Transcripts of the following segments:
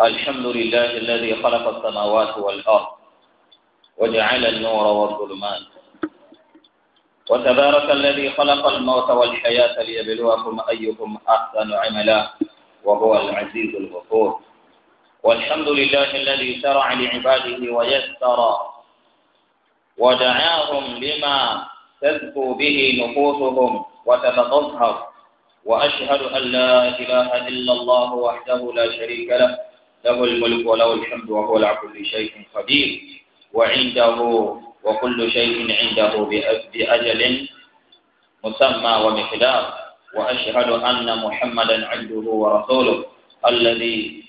الحمد لله الذي خلق السماوات والأرض وجعل النور والظلمات وتبارك الذي خلق الموت والحياة ليبلوكم أيكم أحسن عملا وهو العزيز الغفور والحمد لله الذي شرع لعباده ويسر ودعاهم لما تزكو به نفوسهم وتتطهر وأشهد أن لا إله إلا الله وحده لا شريك له له الملك وله الحمد وهو على كل شيء قدير وعنده وكل شيء عنده بأجل مسمى ومقدار وأشهد أن محمدا عبده ورسوله الذي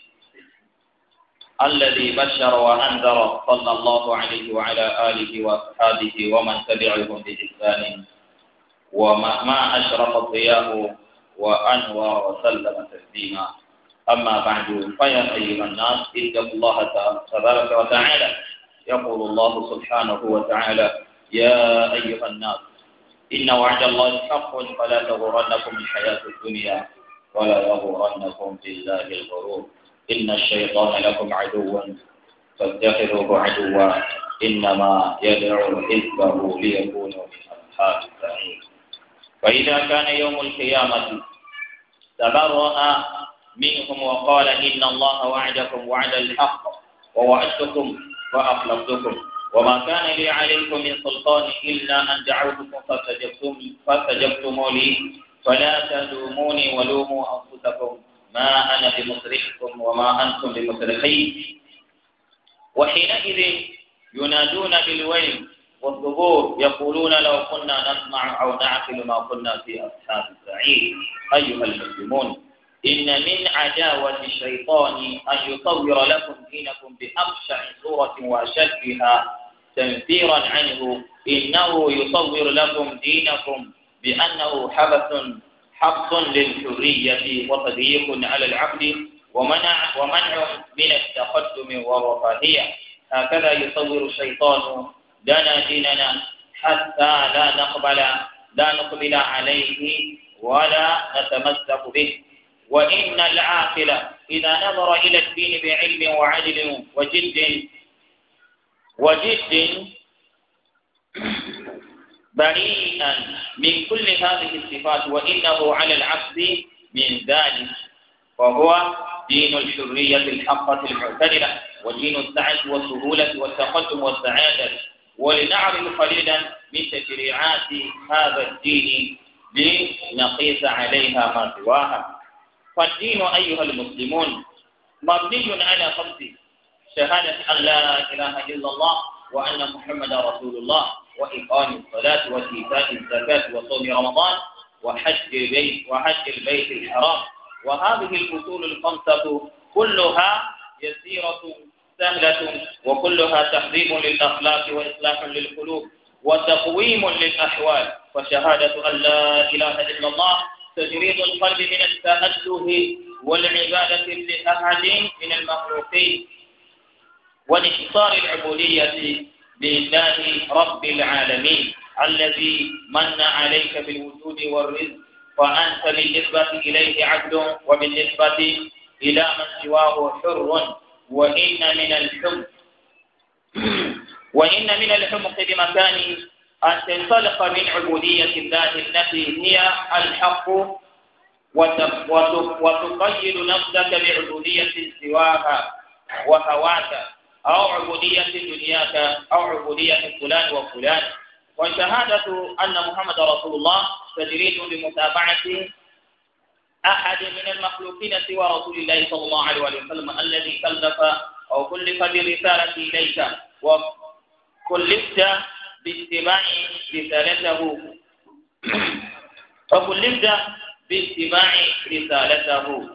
الذي بشر وأنذر صلى الله عليه وعلى آله وأصحابه ومن تبعهم بإحسان وما أشرف الضياء وأنور وسلم تسليما أما بعد فيا أيها الناس اتقوا الله تبارك وتعالى يقول الله سبحانه وتعالى يا أيها الناس إن وعد الله حق فلا تغرنكم الحياة الدنيا ولا يغرنكم بالله الغرور إن الشيطان لكم عدو فاتخذوه عدوا إنما يدعو حزبه ليكونوا من أصحاب السعير فإذا كان يوم القيامة تبرأ منهم وقال إن الله وعدكم وعد الحق ووعدتكم فأخلفتكم وما كان لي عليكم من سلطان إلا أن دعوتكم فاستجبتم فاستجبتم لي فلا تلوموني ولوموا أنفسكم ما أنا بمصرخكم وما أنتم بمصرخي وحينئذ ينادون بالويل والظهور يقولون لو كنا نسمع أو نعقل ما كنا في أصحاب السعير أيها المسلمون إن من عداوة الشيطان أن يصور لكم دينكم بأبشع صورة وأشدها تنفيرا عنه إنه يصور لكم دينكم بأنه حبس حبس للحرية وتضييق على العقل ومنع ومنع من التقدم والرفاهية هكذا يصور الشيطان لنا ديننا حتى لا نقبل لا نقبل عليه ولا نتمسك به وإن العاقل إذا نظر إلى الدين بعلم وعدل وجد وجد بريئا من كل هذه الصفات وإنه على العكس من ذلك وهو دين الحرية الحقة المعتدلة ودين السعة والسهولة والتقدم والسعادة ولنعرف قليلا من تشريعات هذا الدين لنقيس عليها ما سواها فالدين أيها المسلمون مبني على خمس شهادة أن لا إله إلا الله وأن محمدا رسول الله وإقام الصلاة وإيتاء الزكاة وصوم رمضان وحج البيت وحج البيت الحرام وهذه الأصول الخمسة كلها يسيرة سهلة وكلها تحريم للأخلاق وإصلاح للقلوب وتقويم للأحوال وشهادة أن لا إله إلا الله تجريد القلب من التأله والعبادة لأحد من المخلوقين وانحصار العبودية لله رب العالمين الذي من عليك بالوجود والرزق فأنت بالنسبة إليه عبد وبالنسبة إلى من سواه حر وإن من الحمق وإن من الحمق بمكانه أن تنطلق من عبودية الله التي هي الحق وتقيد نفسك بعبودية سواها وهواك أو عبودية دنياك أو عبودية فلان وفلان والشهادة أن محمد رسول الله تجريد لمتابعة أحد من المخلوقين سوى رسول الله صلى الله عليه وسلم الذي كلف أو كلف برسالة إليك وكلفت باتباع رسالته فكلفت باتباع رسالته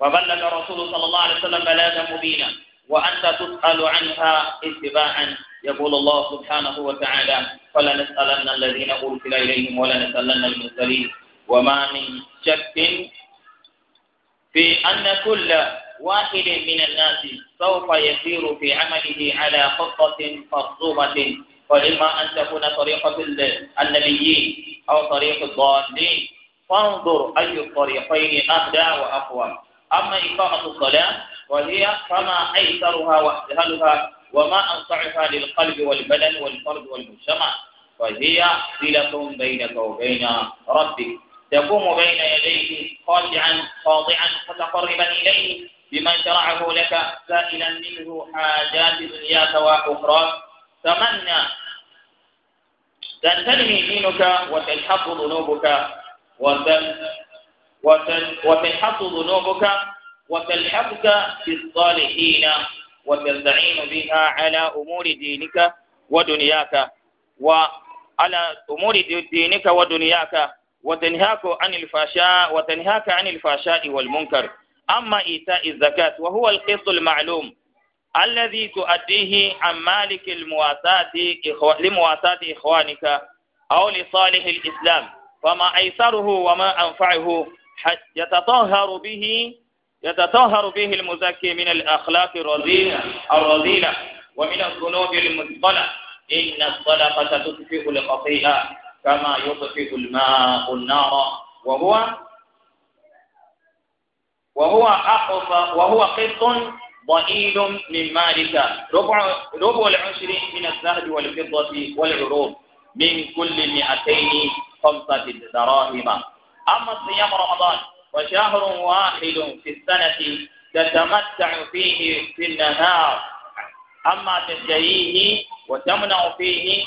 فبلغ رسول صلى الله عليه وسلم بلاغا مبينا وأنت تسأل عنها اتباعا يقول الله سبحانه وتعالى فلنسألن الذين أرسل إليهم ولنسألن المرسلين وما من شك في أن كل واحد من الناس سوف يسير في عمله على خطة مرسومة وإما أن تكون طريقة النبيين أو طريق الضالين فانظر أي الطريقين أهدى وأقوى أما إقامة الصلاة وهي فما أيسرها وأسهلها وما أنصعها للقلب والبدن والفرد والمجتمع فهي صلة بينك وبين ربك تقوم بين يديه خاشعا خاضعا متقربا إليه بما شرعه لك سائلا منه حاجات دنياك واخرى تمنى تنتهي دينك وتلحق ذنوبك وتلحق ذنوبك وتلحقك بالصالحين وتستعين بها على أمور دينك ودنياك وعلى أمور دينك ودنياك وتنهاك عن الفحشاء وتنهاك عن الفحشاء والمنكر أما إيتاء الزكاة وهو القسط المعلوم الذي تؤديه عن مالك المواساة لمواساة إخوانك أو لصالح الإسلام فما أيسره وما أنفعه يتطهر به يتطهر به المزكي من الأخلاق الرذيلة الرذيلة ومن الذنوب المثقلة إن الصدقة تطفئ الخطيئة كما يطفئ الماء النار وهو وهو حق وهو قط ضئيل من مالك ربع ربع العشر من الذهب والفضة والعروض من كل 200 خمسة دراهم أما صيام رمضان وشهر واحد في السنة تتمتع فيه في النهار أما تشتهيه وتمنع فيه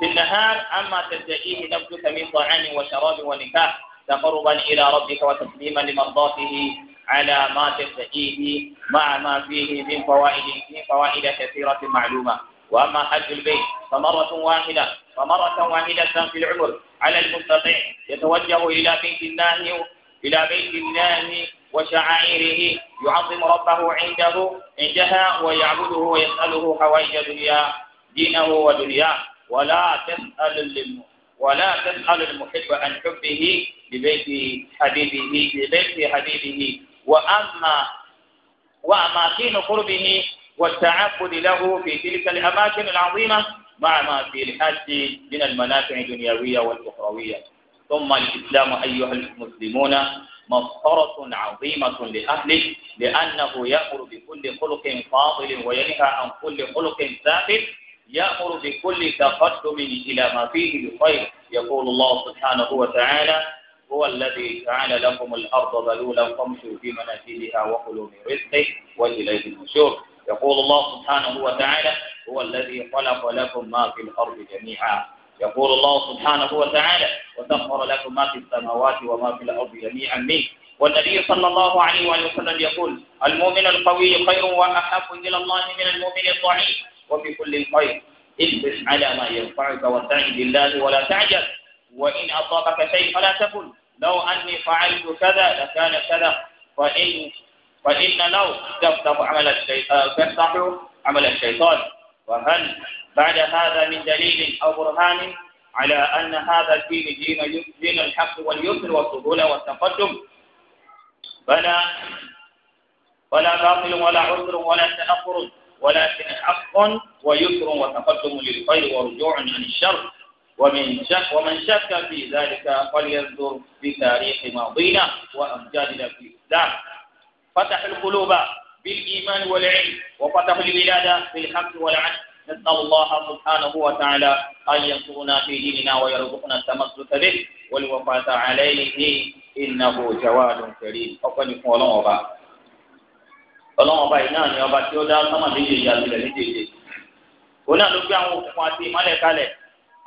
في النهار أما تشتهيه نفسك من طعام وشراب ونكاح تقربا إلى ربك وتسليما لمرضاته على ما تستحيه مع ما فيه من فوائد من فوائد كثيرة معلومة وأما حج البيت فمرة واحدة فمرة واحدة في العمر على المستطيع يتوجه إلى بيت الله إلى بيت الله وشعائره يعظم ربه عنده عندها ويعبده ويسأله حوائج دنيا دينه ودنياه ولا تسأل ولا تسأل المحب عن حبه لبيت حبيبه لبيت حبيبه وأما وأماكن قربه والتعبد له في تلك الأماكن العظيمة مع ما في الحج من المنافع الدنيوية والأخروية ثم الإسلام أيها المسلمون مفخرة عظيمة لأهله لأنه يأمر بكل خلق فاضل وينهى عن كل خلق ثابت يأمر بكل تقدم إلى ما فيه بخير يقول الله سبحانه وتعالى هو الذي جعل لكم الأرض ذلولا فامشوا في مناكبها وكلوا من رزقه وإليه النشور يقول الله سبحانه وتعالى هو الذي خلق لكم ما في الأرض جميعا يقول الله سبحانه وتعالى وسخر لكم ما في السماوات وما في الأرض جميعا منه والنبي صلى الله عليه وسلم يقول المؤمن القوي خير وأحب إلى الله من المؤمن الضعيف وفي كل خير اجلس على ما ينفعك واستعن بالله ولا تعجل وإن أصابك شيء فلا تكن لو أني فعلت كذا لكان كذا فإن فإن لو تفتح عمل الشيطان عمل الشيطان وهل بعد هذا من دليل أو برهان على أن هذا الدين دين دين الحق واليسر والسهولة والتقدم فلا ولا باطل ولا عذر ولا تنفر ولكن حق ويسر وتقدم للخير ورجوع عن الشر ومن شك ومن شك في ذلك فلينظر في تاريخ ماضينا وأمجادنا في الإسلام فتح القلوب بالإيمان والعلم وفتح البلاد بالحق والعدل نسأل الله سبحانه وتعالى أن ينصرنا في ديننا ويرزقنا التمسك به والوفاة عليه إنه جواد كريم أقول لكم ولن أبا ولن أبا إناني أبا تيودا سما ديجي يا سيدي ديجي هنا لو كان مالك عليك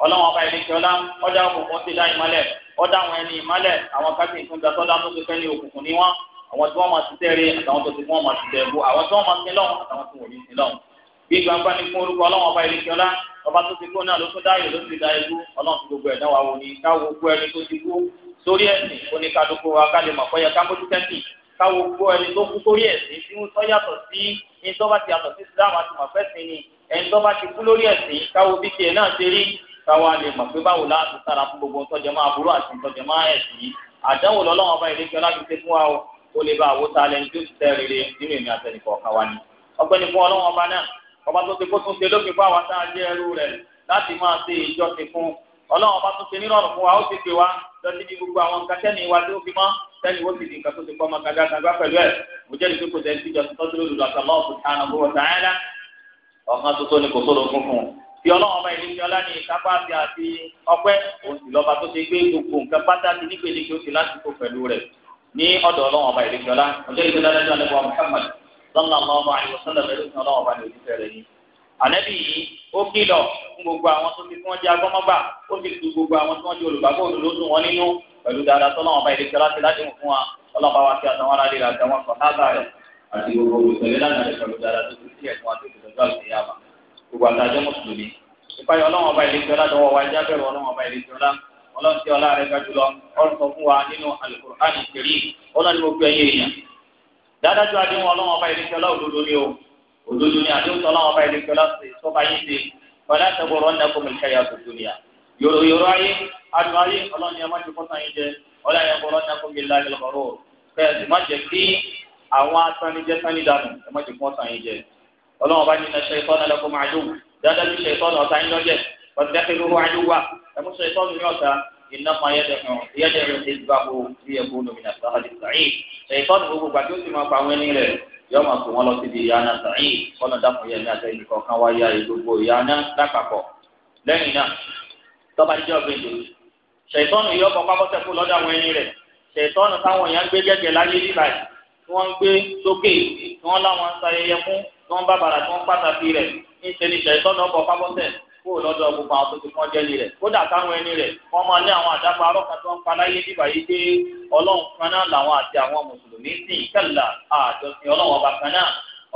ọlọ́wọ́n ọba ìlẹ́kẹ́ ọlá ọjà òkùnkùn ti dá ìmọ́lẹ̀ ọjà àwọn ẹni ìmọ́lẹ̀ àwọn kájí ìfúnjà sọ́dá tó ti fẹ́ ní òkùnkùn ní wọn àwọn tí wọ́n máa ti tẹ́rẹ̀ àtàwọn tó ti fún wọn máa ti tẹ̀ bu àwọn tí wọ́n máa ti lọ́wọ́ àtàwọn tí wọ́n ní ti lọ́wọ́ bí gbangba ní fún orúkọ ọlọ́wọ́n ọba ìlẹ́kẹ́ ọlá ọba tó ti kó náà ló tún dáyè ló ti da ẹlú ọlọ́run tó gbogbo ẹ̀dá wa wò ní káwọ gbó ẹni tó ti kú sórí ẹ̀sìn oníkadókò wa ká lè mọ̀ pé yẹ ká mójú tẹ́ǹtì káwọ gbó ẹni káwá lè mọ̀ pé báwo láti sára fún gbogbo ntọ́jẹ́ máa burú àti ntọ́jẹ́ máa ẹ̀sìn yìí àdánwò lọ́lọ́wọ́n bá ilé kí ọlá fi ṣe fún wa o ó lè bá àwòta lẹni tó ti tẹ́ rere nínú èmi àtẹnìkọ̀ ọ̀kan wa ni ọgbẹ́ni fún ọlọ́wọ́n bá náà ọba tó ti kó tún ṣe lókè fún àwọn tá a jẹ́ ẹrú rẹ̀ láti máa ṣe ìjọsìn fún ọlọ́wọ́n bá tún ṣe nírọ̀rùn fún wa ó ti pè wá lọ síbi gbogbo àwọn nǹkan tẹ́ni wa tó fi mọ́ tẹ́ni ó sì di nǹkan tó ti kọ́ ọmọ gàgà gàgà pẹ̀lú ẹ̀ mo jẹ́ ìdókòtò ẹ̀ sí ìjọsìn tó dúró lùlọ àtàlọ́ ọ̀sùn tààlà ọ̀kan tuntun ni kò tó lọ fún fún un tí ọlọ́run ọba ìlú ìjọba ní ìkápá àti àti ọpẹ́ òun sì lọ́ba tó ṣe gbé gbogbo nǹkan pátá ti ní pèlè tó ti láti kó pẹ̀lú rẹ̀ ní ọ̀dọ̀ ọlọ́run ọba ìlú ìjọba ọjọ́ ìgbéná lẹ́jọ́ àlẹ́bọ̀ Muhammad sọ́nà ọmọ àyẹ̀wò sọ́nà mẹ́rin sọ́nà ọba ní òjíṣẹ́ rẹ̀ yìí. ànẹ́bí yìí ó kìlọ̀ fún gbogbo àwọn tó ti wọ́n jẹ́ agbọ́mọ́gbà ó sì tu gbogbo àwọn tí wọ́n jẹ́ olùgbàgbọ́ òdòdó dùn wọ́n nínú pẹ̀lú dáadáa sọ́nà ọba ìlú ìjọba ti láti mú fún wa ọlọ́ba wa ti àtàwọn aráàlú àtàwọn sọ̀tàbà rẹ̀ àti gbogbo olùsọ̀lẹ́ lánàá rẹ̀ pẹ̀lú dáadáa tó ti sí ẹ̀kún àti òdòdó àti ìyá wa gbogbo àtàjọ mùsùlùmí ìpayọ Ọlọ́run ọba ìlẹsẹ ọlá dọwọ wa ẹjẹ abẹrù Ọlọ́run ọba ìlẹsẹ ọlá Ọlọ́run tí ọlá rẹ̀ gbájú lọ ọrùn sọ fún wa nínú Al-Qur'an Al-Karim Ọlọ́run ni mo gbé ẹyẹ èèyàn dáadájú àdéhùn Ọlọ́run ọba ìlẹsẹ ọlá òdodo ni o òdodo ni àdéhùn Ọlọ́run ọba ìlẹsẹ ọlá sọba yìí ṣe fọlá tẹgbọrọ ọ̀nà kò mìlíkà yà tó dúnìyà yòrò yòrò ayé adùn ayé Ọlọ́run yẹn má ti kọ́ta yín jẹ Ọlọ́run yẹn kọ́ra ọlọ́run bá nínú ṣe ìtọ́nà lọ́kọ́ máa dùn dáadáa ní ṣe ìtọ́nà ọ̀tá yín lọ́jẹ̀ pàtẹ́kì lóru àdúgbà ẹ̀mú ṣe ìtọ́nà ní ọ̀tá iná kan yẹ́dẹ̀rún ìdìbàbò bí ẹ̀kú lómìnà sáhàdì sàáyì ṣe ìtọ́nà gbogbo gbà tó ti máa pa àwọn ẹni rẹ̀ yọ máa kó wọn lọ síbi ìyáná sàáyì kọ́nà dákun yẹn ní àtẹ̀yìn kọ̀ọ̀kan wá ya gbogbo ìyáná lápapọ̀ lẹ́yìn náà tọ́ba jẹ́ ọ̀gbìn lòdì ṣe ìtọ́nà yọ kọ́ pápọ́sẹ̀kù lọ́dọ̀ àwọn ẹni rẹ̀ ṣe ìtọ́nà táwọn èèyàn gbé gẹ́gẹ́ láyé bíbáyìí tí wọ́n gbé sókè tí wọ́n láwọn ń sa ẹyẹ fún tó ń bá bàrà tó ń pàtàkì rẹ̀ níṣẹ́ níṣẹ́ ìtọ́nà ọkọ̀ pábọ́sẹ̀ kó lọ́dọ̀ gbogbo àwọn tó ti kọ́ jẹ́lì rẹ̀ kódà káwọn ẹni rẹ̀ wọ́n máa ní àwọn àdápa arọ́kan tó ń pa láyé nígbà yìí pé ọlọ́run kan náà làwọn àti àwọn mùsùlùmí sìn kẹ́là àjọsìn ọlọ́run ọba kan náà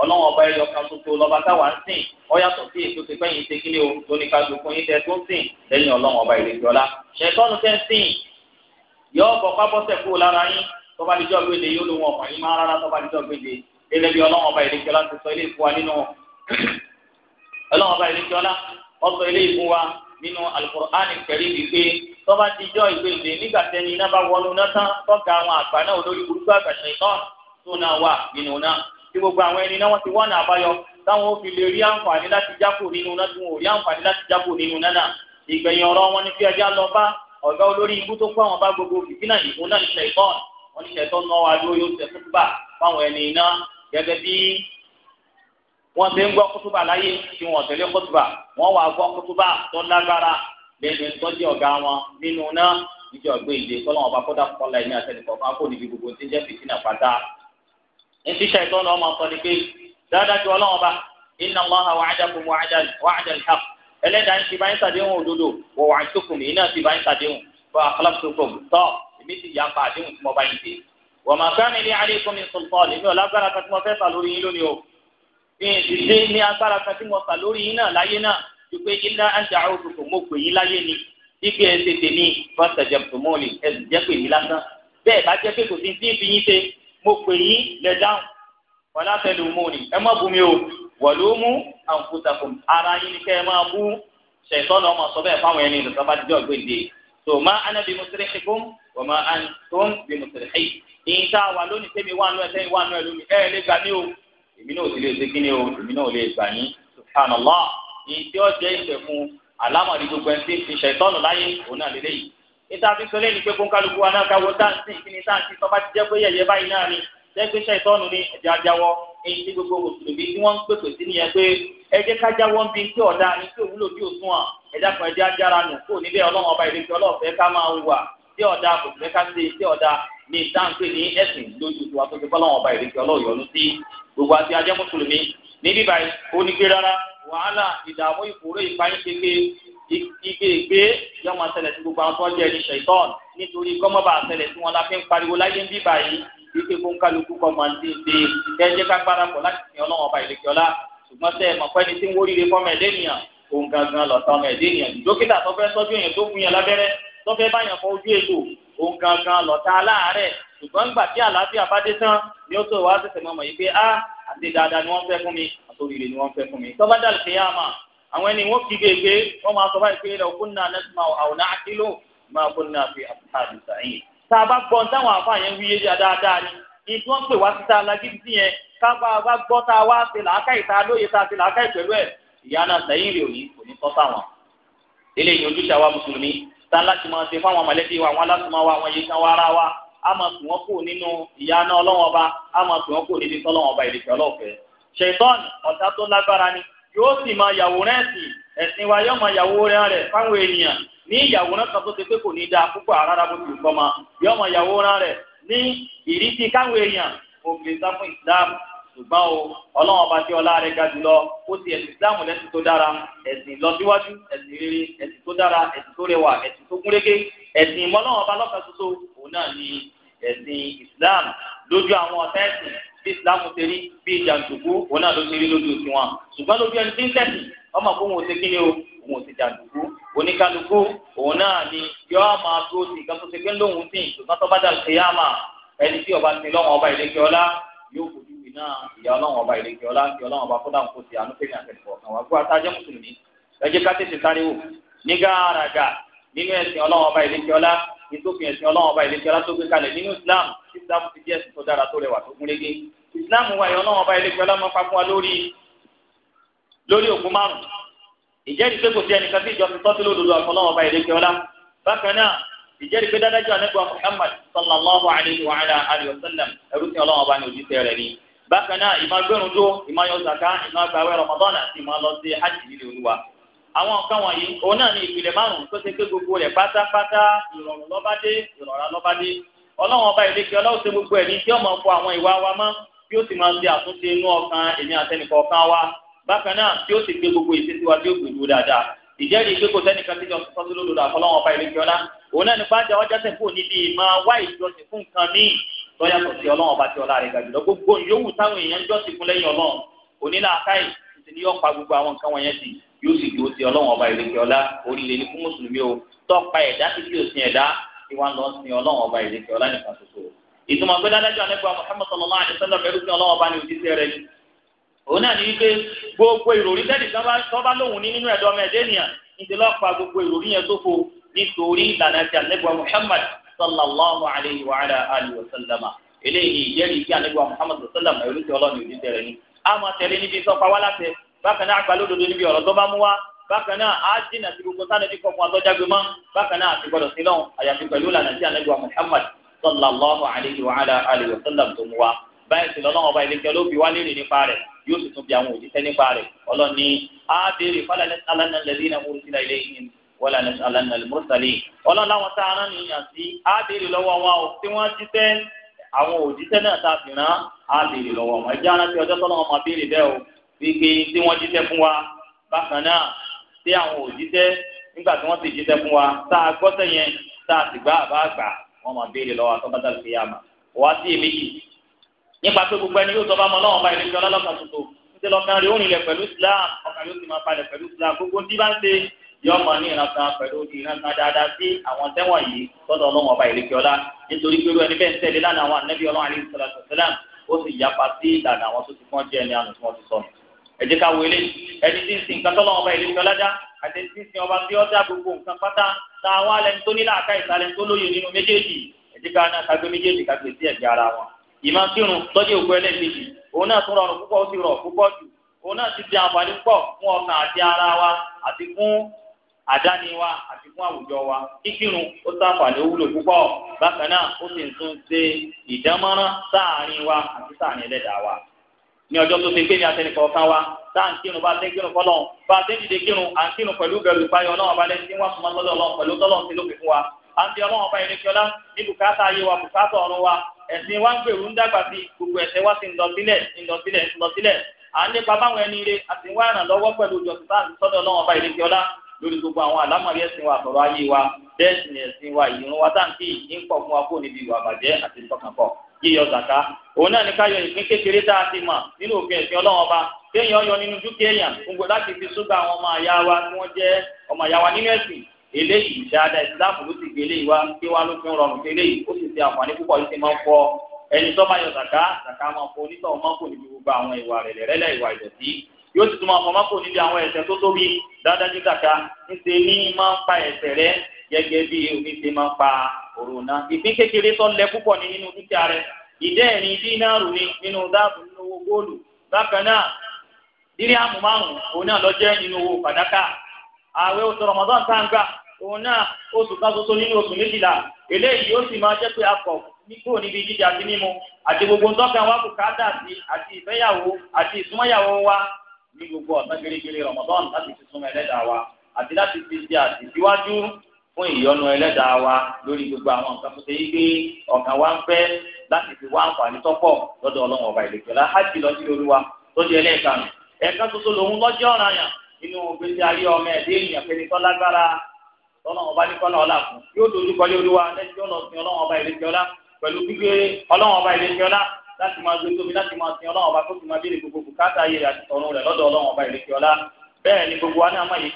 ọlọ́run ọba ẹyọ kan tuntun lọ́ba táwa ń sìn ọ yàtọ̀ sí èso ti pẹ́yìn ṣe kílé o tó ní ká gbogbo yín tẹ́ tó ń sìn lẹ́yìn ọlọ́run ọba ìrètí ọlá ṣẹ̀tọ́nu tẹ́ ń sìn yọ ọkọ̀ pábọ́sẹ̀ kúrò lára yín tọ́ba díjọ́ gbèdé yóò lóun ọkàn yín máa rárá tọ́ba díjọ́ gẹ́gẹ́ bí ọlọ́wọ́n ọba ìlẹ́kẹ́ ọlá ti sọ ilé ìfún wa nínú ọlọ́wọ́n ọba ìlẹ́kẹ́ ọlá ó sọ ilé ìfún wa nínú alukur'ani kẹrin wípé tọ́ba ti jọ ìgbèǹde nígbà tẹni iná bá wọnú náà tán tọ́ka àwọn àgbà náà olórí burúkú àgbàṣe náà tó náà wà nínú náà tí gbogbo àwọn ẹni náà wọ́n ti wọ́n náà àbáyọ táwọn ó fi lè rí àǹfààní láti jákò nínú náà tí wọn ò rí àǹfààní láti jákò nínú náà ìgbẹ̀yìn ọ̀rọ̀ wọn ni fi ẹja lọ bá ọ̀gá olórí ibú tó kó àwọn bá gbogbo fìfínà ìfún náà ní ṣẹ̀tọ́n wọn ní ṣẹ̀tọ́n náà wà lórí ó fáwọn ẹni náà gẹ́gẹ́ bí wọ́n ti ń gbọ́ kútúbà láyé tí wọ́n tẹ̀lé kútúbà wọ́n wà gbọ́ kútúbà tó lágbára lẹ́nu tọ́jú ọ̀gá wọn nínú náà níjọ́ ìgbé ìdè kọ́lọ́wọ́n bá kọ́dà kọ́lá ẹ̀mí àtẹnukọ́ fún akó níbi gbogbo tí ń jẹ́ fìtínà pátá. ìfisà ìtọ́nà ọmọ sọ ni pé dáadáa ju ọlọ́wọ́n bá inna Allaha wa'adakum wa'dal haqq ẹlẹ́dàá ń ti báyìí sàdéhùn òdodo wọ̀ wa'adtukum iná ti báyìí sàdéhùn fún akhlaftukum tọ́ èmi ti yà pa àdéhùn tí mo báyìí dé wọ́n máa ká mi ní alaykum min sultan èmi ò lágbára kan tí mo fẹ́ fà lórí yín lónìí o mi ì sì dé ní agbára kan tí mo fà lórí yín náà láyé náà ju pé ilá àjà òkùnkùn mo pè yín láyé ni ike ẹsẹ tèmi fọsẹ jẹmùtòmọlì ẹsẹ jẹ pé yín lásán bẹ́ẹ̀ bá jẹ pé kò sí tí ń fi yín ṣe mo pè yín lẹ dáhùn wọlé àtẹlẹ òmùnì ẹ má bú mi o wọlé ó mú àǹkúta kò ara yín ni kẹ ẹ máa bú ṣètọ́nà ọmọ sọ bẹ́ẹ̀ fáwọn ẹni ìdọ̀tọ́ bá ti jọ gbèdé so ma ana bi musrihikum wa ma antum bi musrihi in ta wa lónìí tẹ́mi wà nù ẹ tẹ́mi wà nù ẹ lónìí ẹ lè gbà mí o èmi náà ò sì lè ṣe kí ni o èmi náà ò lè gbà ní subhanallah in tí ó jẹ́ ìṣẹ̀ fún alámọ̀dé gbogbo ẹni tí ń ṣiṣẹ́ láyé òun náà lélẹ́yìí níta fi sọ lẹ́nu pé kó kálukú wa náà káwọ́ táǹtì kí táǹtì tọ́ba ti jẹ́ pé yẹ̀yẹ́ báyìí náà ni jẹ́ pé ṣe ìtọ́nù ni ẹ̀jẹ̀ ajáwọ́ èyí tí gbogbo mùsùlùmí tí wọ́n ń pèpè sí nìyẹn pé ẹ jẹ́ ká jáwọ́ tí ọ̀dà ní tí òwúlò tí òsùn à ẹ dákun ẹ ajára nù kó níbẹ̀ ọlọ́run ọba ìrètí ọlọ́ọ̀fẹ́ ká máa wùwà tí ọ̀dà kò fẹ́ ká ṣe tí ọ̀dà ní ìdáǹpé ní ẹ̀sìn lójú tiwa tó ti fọ́lọ́run ọba ìrètí ọlọ́ọ̀yọ́nú sí gbogbo àti ajẹ́ mùsùlùmí níbí báyìí ó rárá wàhálà ìdààmú ìfòòró ìpáyín kéke ìgbé wípé kó ń kálukú kọ́ máa ń dín dín kẹ́ńjẹ́ ká parapọ̀ láti fi ọlọ́run ọba ìlẹ́kẹ́ ọlá ṣùgbọ́n sẹ́ ẹ̀ mọ̀ pẹ́ni tí ń wóríire fọ́mọ ẹ̀dẹ́ ènìyàn òun gangan lọ̀tọ́ ọmọ ẹ̀dẹ́ ènìyàn dókítà tó fẹ́ tọ́jú èèyàn tó fún yàn lábẹ́rẹ́ tó fẹ́ báyàn fọ ojú èlò òun gangan lọ̀tá aláàárẹ̀ ṣùgbọ́n nígbà tí àlàáfíà bá dé tán ni ó tó wá ṣẹ̀ṣẹ̀ mọ̀ yìí pé a àti dáadáa ni wọ́n fẹ́ fún mi àtòrìrì ni wọ́n fẹ́ fún mi tọ́ba dàlù kìí àmà àwọn ẹni wọ́n kígbe gbé wọ́n máa sọ báyìí pé ìlẹ̀ òkúnnà nẹ́sìmọ̀ àwọn àkìlò máa kúnnà fi àbúrò àdùsà yìí tá a bá gbọ́ táwọn àfáà yẹn wíyé dáadáa ni ní tí wọ́n pè wá síta lágídí yẹn ká bá a bá gbọ́ tá a wá ṣe làákàyè tá a lóye tá a ṣe làákàyè pẹ̀lú ẹ̀ ìyá náà sẹ́yìn rè òní kò ní tọ́ sáwọn. eléyìí ojúṣe àwa mùsùlùmí tá láti máa ṣe fáwọn mọ̀lẹ́bí wa àwọn alásùnmọ́ wa àwọn yẹn wa ara wa a máa tù wọ́n kù nínú ìyá náà ọlọ́wọ́n ọba a máa tù wọ́n kù níbi tọ́lọ́wọ́n ọba ìdìkẹ́ yóò sì máa yàwòrán ẹ̀sìn ẹ̀sìn wa yóò máa yàwòrán rẹ̀ fáwọn èèyàn ní ìyàwòrán kan tó ṣe pé kò ní dáa púpọ̀ rárá bó ti kọ́ ma yóò máa yàwòrán rẹ̀ ní ìrísí káwọn èèyàn òkè sá fún Islam ṣùgbọ́n o ọlọ́run ọba tí ọlá rẹ̀ ga jùlọ ó ti ẹ̀sìn Islam lẹ́sìn tó dára ẹ̀sìn lọ́síwájú ẹ̀sìn rere ẹ̀sìn tó dára ẹ̀sìn tó rẹwà ẹ̀sìn tó gúnrégé ẹ̀sìn ìmọ̀lọ́run ọba lọ́kàn ṣoṣo òun náà ni ẹ̀sìn Islam lójú àwọn ọ̀tá bí ìsìlámù ṣe rí bí jàǹdùkú òun náà ló ṣe rí lójú òsì wọn ṣùgbọ́n lójú ẹni tí ń tẹ̀sí ọmọ fún òun ṣe kí ni o òun ò ti jàǹdùkú oníkálukú òun náà ni yọ máa tó ti nǹkan tó ṣe pé lóhùn sí ṣùgbọ́n tó bá dàrú ṣèyá mà ẹni tí ọba ti lọ́wọ́ ọba ìlẹ́kẹ́ ọlá yóò fojú wì náà ìyá ọlọ́wọ́ ọba ìlẹ́kẹ́ ọlá ti ọlọ́wọ́ ọba fúnà kó ti àánú pé ní àtẹnukọ̀ kan wá gbọ́ àtàjẹ́ mùsùlùmí ẹ jẹ́ ká tètè sáré wò ní gàràgà nínú ẹ̀sìn ọlọ́wọ́ ọba ìlẹ́kẹ́ ọlá ìtòkùn ẹ̀sìn ọlọ́wọ́ ọba ìlẹ́kẹ́ ọlá tó gbé kalẹ̀ nínú Islam Islam ti di ẹ̀sìn tó dára tó rẹwà tó gúnrégé islam wa yọ náà ọba ilé gbẹlẹ ọmọ papọ̀ lórí lórí òkú márùn ìjẹ́rìí pé kò sí ẹnìkan sí ìjọsìn tọ́sí lòdòdó àfọlọ́wọ́ ọba ilé gbẹlẹ bákan náà ìjẹ́rìí pé dáadájú àlẹ́gbà Muhammad sallallahu alayhi wa alayhi wa sallam ẹrú sí ọlọ́wọ́ bá ní òjíṣẹ́ rẹ̀ ni bákan náà ìmọ̀ gbẹ̀rún dó ìmọ̀ yọ zaka ìmọ̀ gbàwẹ̀ Ramadan àti ìmọ̀ lọ hajj ní ìpìlẹ̀ márùn àwọn ìwà tí ó sì máa ṣe àtúnṣe inú ọkàn èmi àtẹnìkọ̀ kan wa bákan náà tí ó sì gbé gbogbo ìṣesí wa tí ó gbèdú dáadáa ìjẹ́rìí pé kò sẹ́nìkan tí jọ sọ́sọ́ lódodo àfọlọ́wọn ọba ìlú fiọ́lá òun náà nípa jẹ́ ọjà sẹ́kù níbi ìmọ̀ wá ìjọsìn fún nǹkan míì lọ́yàtọ̀ sí ọlọ́run ọba tí ọlá rẹ̀ gàjù lọ gbogbo yòówù táwọn èèyàn jọ́sìn fún lẹ́yìn ọlọ́run onílà akáì ti ní ọ̀pá gbogbo àwọn nǹkan wọ̀nyẹn sí yóò sì dúró sí ọlọ́run ọba ìlú fiọ́lá orílẹ̀ ní fún mùsùlùmí o tọ́pa ẹ̀dá títí òsìn ẹ̀dá tí wọ́n lọ sin ọlọ́run ọba ìlú fiọ́lá nìkan ṣoṣo ìtumọ̀ pé dáadájọ́ alẹ́kọ̀ọ́ Muhammad sallallahu alaihi wasallam ẹ̀rú sí ọlọ́wọ́ bá ní òjíṣẹ́ rẹ̀ ni. òun náà ní wípé gbogbo ìròrí tẹ́lẹ̀ tó bá lóhùn ní nínú ẹ̀dọ́ mẹ́ẹ̀dẹ́nìyàn níbi lọ́pàá gbogbo ìròrí yẹn sófo nítorí ìlànà ti alẹ́kọ̀ọ́ Muhammad sallallahu alaihi wa ala wa sallam eléyìí ìjẹ́rìí kí alẹ́kọ̀ọ́ Muhammad sallallahu ẹ̀rú sí ọlọ́run òjíṣẹ́ rẹ̀ ni. a máa tẹ̀lé níbi sọ́pa àti gbogbo sánẹ́bí àyàfi pẹ̀lú lànà tí alẹ́kọ̀ọ́ Muhammad sallallahu alayhi wa ala alihi wa sallam tó mú wa báyìí sì lọ́nà ọba ìlẹ́kẹ́ ló fi wá léèrè nípa rẹ̀ yóò sì tún bí àwọn òjíṣẹ́ nípa rẹ̀ ọlọ́ni á béèrè fala nas'alanna alladhina ursila ilayhim wala nas'alanna al-mursalin ọlọ́ni láwọn tá a rán ní yàn sí á béèrè lọ́wọ́ wọn o tí wọ́n ti tẹ́ àwọn òjíṣẹ́ náà tá a fi rán á béèrè lọ́wọ́ wọn ẹjẹ́ ara ti ọjọ́ tọ́lọ́ wọn máa béèrè bẹ́ẹ̀ o wípé tí wọ́n jíṣẹ́ fún wa bákan náà tí àwọn òjíṣẹ́ nígbà wọn máa béèrè lọ́wọ́ àtọ́bátà lè yá ma wá sí èméjì nípa pé gbogbo ẹni yóò tọ́ bá mọ lọ́wọ́ bá ìrẹsì ọlọ́lọ́kan tuntun níṣẹ́ lọ́kàn rẹ̀ ó rìnlẹ̀ pẹ̀lú Islam ọkàn yóò sì máa balẹ̀ pẹ̀lú Islam gbogbo tí bá ń ṣe yóò mọ ní ìrànkan pẹ̀lú ìrànkan dáadáa sí àwọn tẹ́wọ̀n yìí lọ́dọ̀ ọlọ́wọ́n ọba ìrẹsì ọlá nítorí pé ẹni bẹ́ẹ̀ ń tẹ̀lé lánàá àwọn ànábì ọlọ́run àlẹ́ ìsọ̀lá ó sì yapa sí ìlànà àwọn tó ti fọ́n jẹ́ ẹni àná tí wọ́n ti sọnù ẹ jẹ́ ká wọlé ẹni tí ń sin nǹkan tọ́lọ́wọ́n ọba ìlú ìjọlájà àti ẹni tí ń sin ọba tí ó dá gbogbo nǹkan pátá tá a wá lẹni tó nílà àká ìsàlẹ̀ tó lóye nínú méjèèjì ẹ jẹ́ ká náà ká gbé méjèèjì ká gbèsè ẹ̀jẹ̀ ara wọn. ìmọ̀ kírun lọ́jọ́ òkú ẹlẹ́ẹ̀kejì òun náà tún rọrùn púpọ̀ ó sì rọ̀ púpọ̀ jù òun náà ti di àǹfààní pọ̀ fún ọkàn àti ara wa àdáni wa àti fún àwùjọ wa kíkírun ó ṣàǹfààní ó wúlò bákan náà ó sì ń tún ṣe ìdámọ́rán sáàárín wa àti sáàárín ẹlẹ́dàá wa ní ọjọ́ tó ṣe gbé ní atẹnifọ̀ kan wa tá à ń kírun bá tẹ́ kírun fọlọ́n bá a tẹ́ dìde kírun à ń kírun pẹ̀lú bẹ̀rù ìpayọ̀ ọlọ́run bá lẹ́sìn tí wọ́n súnmọ́ lọ́dọ̀ ọlọ́run pẹ̀lú tọ́lọ́run ti ló fún wa à ń bí ọlọ́run ọba ìrìnkì ọlá ní bùkátà ayé wa bùkátà ọ̀run wa ẹ̀sìn wa ń gbèrú ń dàgbà sí gbogbo ẹ̀sẹ̀ wa ti ń lọ sílẹ̀ ń lọ sílẹ̀ ń lọ sílẹ̀ à ń nípa báwọn ẹni ni ẹ̀sìn wa ìrún wa táǹkì ń pọ̀ òun náà ní ká yọ ìpín kékeré tá a ti mọ̀ nínú òfin ẹ̀sìn ọlọ́run ọba téèyàn yọ nínú dúkìá èèyàn gbogbo láti fi ṣúgà àwọn ọmọ àyà wa tí wọ́n jẹ́ ọmọ àyà wa nínú ẹ̀sìn eléyìí dáadáa ìsìláàmù ló ti gbé eléyìí wá pé wá ló fi ń rọrùn pé eléyìí ó sì ṣe àǹfààní púpọ̀ yìí ti máa ń fọ ẹni tó máa yọ zàká zàká máa fọ onítọ̀ ọmọ kò níbi gbogbo àwọn ìwà rẹ̀ rẹ́lẹ̀ ìwà ìdọ̀tí yóò sì tún máa fọ ọmọ kò níbi àwọn ẹ̀ṣẹ̀ tó tóbi dáadáa ju zàká ńṣe ní máa ń pa ẹ̀ṣẹ̀ rẹ̀ gẹ́gẹ́ bí omi ṣe máa ń pa òrònà ìpín kékeré tó lẹ púpọ̀ nínú dúkìá rẹ̀ ìdẹ́ẹ̀rin dínárù ni nínú dáàbò nínú owó góòlù bákan náà díríàmù márùn-ún òun náà lọ jẹ́ nínú owó fàdákà ààwẹ̀ oṣù Ramadan tá à ń gbà òun náà oṣù kan ṣoṣo nínú oṣù méjìlá eléyìí ó sì máa jẹ́ pé akọ̀ nígbò níbi jíjẹ àti mímu àti gbogbo ntọ́ka wa kò káàdà sí àti ìfẹ́yàwó àti ìsúnmọ́yàwó wa ní gbogbo ọ̀sán gẹ́gẹ́rẹ́ Ramadan láti fi súnmọ́ ẹlẹ́dàá wa àti láti fi ṣe àtìsíwájú fún ìyọ́nú ẹlẹ́dàá wa lórí gbogbo àwọn nǹkan tó ṣe yí pé ọ̀kan wa ń fẹ́ láti fi wá àǹfààní tọ́pọ̀ lọ́dọ̀ ọlọ́run ọba ìlẹ̀kẹ̀lá hajj lọ sí olúwa tó di ẹlẹ́ẹ̀kan ẹ̀ka tuntun lòun lọ́jọ́ ọ̀ràn yàn nínú gbèsè ayé ọmọ ẹ̀dẹ́ ènìyàn pé ní tọ́lágbára ọlọ́run ọba ní kọ́lá ọ̀la fún yóò dojú kọ́lé olúwa lẹ́sìn ọ̀nà sin ọlọ́run ọba ìlẹ̀kẹ̀lá pẹ̀lú gbígbé ọlọ́run ọba ìlẹ̀kẹ̀lá ni gbogbo wa náà máa yí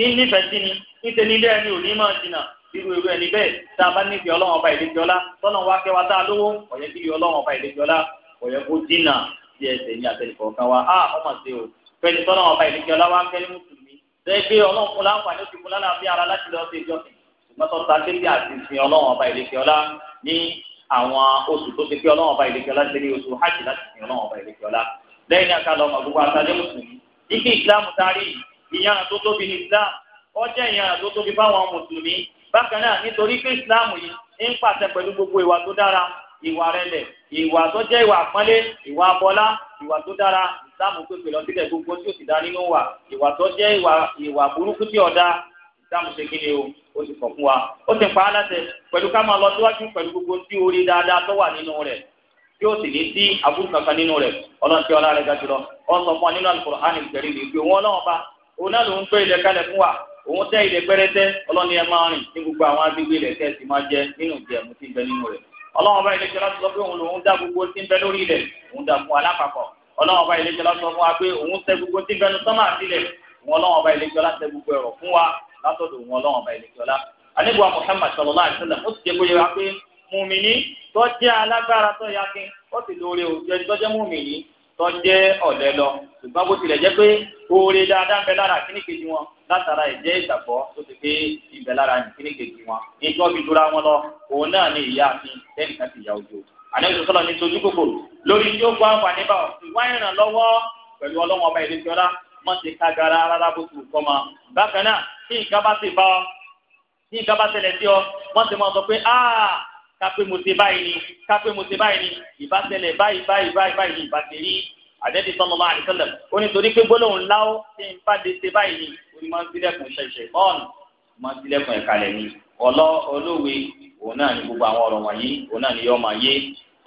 ní nífẹ̀ẹ́ sí ni níṣẹ́ nílé ẹni ò ní máa jìnnà irú irú ẹni bẹ́ẹ̀ tá a bá nífẹ̀ẹ́ ọlọ́run ọba ìlẹ́jọ́ lá tọ́nà wa kẹwàá tá a lówó ọ̀yẹ́ kí ọlọ́run ọba ìlẹ́jọ́ lá ọ̀yẹ́ kó jìnnà sí ẹsẹ̀ ní àtẹnìkọ̀ kan wa á ọmọ sí o fẹ́ni tọ́nà ọba ìlẹ́jọ́ lá wa ń kẹ́lí mùsùlùmí lẹ́gbẹ́ ọlọ́run fún láǹfààní òkè fún lálàáfíà ara láti lọ sí ìjọsìn ṣùgbọ́n tó ta kéde àti ìsìn ọlọ́run ọba ìlẹ́jọ́ lá ní àwọn oṣù ti ìyára tó tóbi ní islam ó jẹ́ ìyára tó tóbi fáwọn mùsùlùmí bákan náà nítorí pé islam yìí ń pàṣẹ pẹ̀lú gbogbo ìwà tó dára ìwà rẹlẹ̀ ìwà tó jẹ́ ìwà àpọ́nlé ìwà àbọ́lá ìwà tó dára islam pépè lọ sílẹ̀ gbogbo tí ó ti dá nínú wa ìwà tó jẹ́ ìwà ìwà burúkú tí ọ̀dà islam ṣe kí ni o ó ti kọ̀ fún wa ó ti pa á láṣẹ pẹ̀lú ká máa lọ síwájú pẹ̀lú gbogbo tí orí dáadáa tó wà nínú rẹ̀ tí ó sì ní sí àbúrò kankan nínú rẹ̀ ọlọ́run tí ọlá rẹ̀ ga jùlọ ó òun náà lòun gbé ilẹ̀ kalẹ̀ fún wa òun tẹ́ ilẹ̀ pẹ́rẹ́tẹ́ ọlọ́ni ẹ máa rìn ní gbogbo àwọn agbègbè ilẹ̀ tẹ́ ti máa jẹ nínú ìjẹ̀mú tí ń bẹ nínú rẹ̀ ọlọ́run ọba ìlẹ́jọ́ láti sọ pé òun lòun dá gbogbo tí ń bẹ lórí ilẹ̀ òun dá fún alápapọ̀ ọlọ́run ọba ìlẹ́jọ́ láti sọ fún wa pé òun tẹ́ gbogbo tí ń bẹnu sánmà sílẹ̀ òun ọlọ́run ọba ìlẹ́jọ́ láti tẹ́ gbogbo ẹ̀rọ fún wa Muhammad sallallahu alaihi wasallam ó ti jẹ́ bóyá pé mùmìnì tó jẹ́ alágbára tó yakin ó sì lóore òjò ẹni tó jẹ́ tọ́jẹ́ ọ̀lẹ́ lọ ṣùgbọ́n bó tilẹ̀ jẹ́ pé oore dáadáa ń bẹ lára kíní kejì wọn látara ìjẹ́ ìgbàgbọ́ tó ti gbé ibẹ̀ lára kíní kejì wọn ìjọ fi dúra wọn lọ òun náà ní ìyá àfin tẹ́nìkan ti yà ojú àlejò sọlọ ní sojú kòkòrò lórí tí ó gbọ́ àǹfààní bá ìwá ìrànlọ́wọ́ pẹ̀lú ọlọ́wọ́n ọba ìlẹ́jọ́lá mọ̀ ti ká gara rárá bó ti kọ́ ma bákan náà tí nǹkan ti bá ọ tí nǹkan tẹ̀lẹ̀ sí ọ wọ́n ti máa sọ pé kápé mo ṣe báyìí ni kápé mo ṣe báyìí ni ìbáṣẹlẹ̀ báyìí báyìí báyìí báyìí ni ìbáṣẹ rí àdẹ́bí sọlọ́lá àdìsọ́lẹ̀ ó ní torí pé gbólóhùn láwọ́ ṣe ń bá de báyìí ni orí máa ń sílẹ̀kùn ṣẹ̀ṣẹ̀ ọ̀nù máa ń sílẹ̀kùn ẹ̀kalẹ̀ ni ọlọ́ olówe òun náà ni gbogbo àwọn ọ̀rọ̀ wọ̀nyí òun náà ni yọ máa yé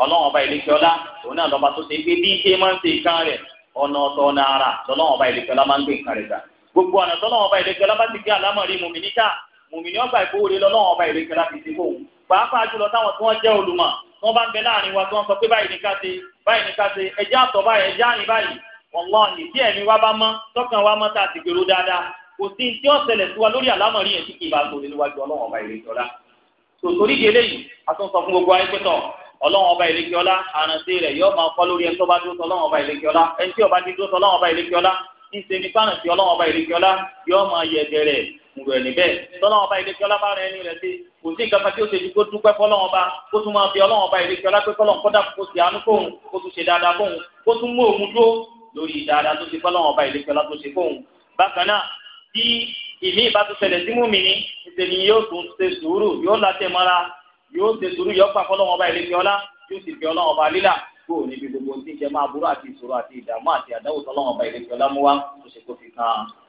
ọlọ́wọ́n ọba ìlẹ́kẹ́ọ́lá òun náà lọ́ba tó ṣe pé bí ṣe máa ń ṣe nǹkan rẹ̀ ọ̀nà ọ̀tọ̀ ọ̀nà ara lọ́lọ́wọ́n ọba ìlẹ́kẹ́ọ́lá máa ń gbé nǹkan rẹ̀ gbà gbogbo ọ̀nà tọ́lọ́wọ́n ọba ìlẹ́kẹ́ọ́lá bá ti gbé àlámọ̀rí mùmíníkà mùmíní ọgbà ìkówó lé lọ́lọ́wọ́n ọba ìlẹ́kẹ́ọ́lá fi ṣe fóun pàápàá jùlọ táwọn tí wọ́n jẹ́ olùmọ̀ tí wọ́n bá ń bẹ láàrin wa tí wọ́n sọ pé báyìí ní ká ṣe báyìí ní ká ṣe ẹjẹ́ àtọ̀ báyìí ẹjẹ́ àrìn báyìí wọ̀nlọ́ọ̀nì tí ẹ̀mí wa bá mọ́ tọkàn wa mọ́ tá a ti gbèrò dáadáa kò sí tí ó ṣẹlẹ̀ sí wa lórí àlámọ̀rí yẹn tí kì í bá sọ níwájú ọlọ́wọ́n ọba ìrètí ọlá tòtòrí di eléyìí àtúntò fún gbogbo ayé pẹ́tọ̀ ọlọ́wọ́n ọba ìrètí ọlá àrántí rẹ̀ yóò máa kọ́ lórí ẹni tó bá dúró sọ ọlọ́wọ́n ọba ìrètí ọlá ẹni tí ó ti dúró sọ ọlọ́wọ́n ọba ìrètí ọlá ń ṣe nbọ ẹni bẹ́ẹ̀ tọ́lá wọn bá ilé kí ọlọ́ba rẹ ní rẹ sí kò sí nǹkan kan tí ó ṣe ju kó dúpẹ́ fọlọ́wọn bá kó tún máa fi ọlọ́wọn bá ilé kí ọlá pé fọlọ́wọn kọ́dà kó sì àánú fóun kó tún ṣe dáadáa fóun kó tún mú òun dúró lórí dáadáa tó ṣe fọlọ́wọn bá ilé kí ọlá tó ṣe fóun. bákan náà tí ìní ìbátan ṣẹlẹ̀ sí mú mi ní ìṣèlú yóò tún ṣe sùúrù yóò láti mara yóò ṣe sùúrù yóò pa fọlọ́wọn bá ilé kí ọlá yóò sì fi ọlọ́wọn bá lílà kó o níbi gbogbo tí jẹ máa burú àti ìṣòro àti ìdààmú àti àdáwò tọ́lọ́wọn bá ilé kí ọlá mú wá tó ṣe kó fi kan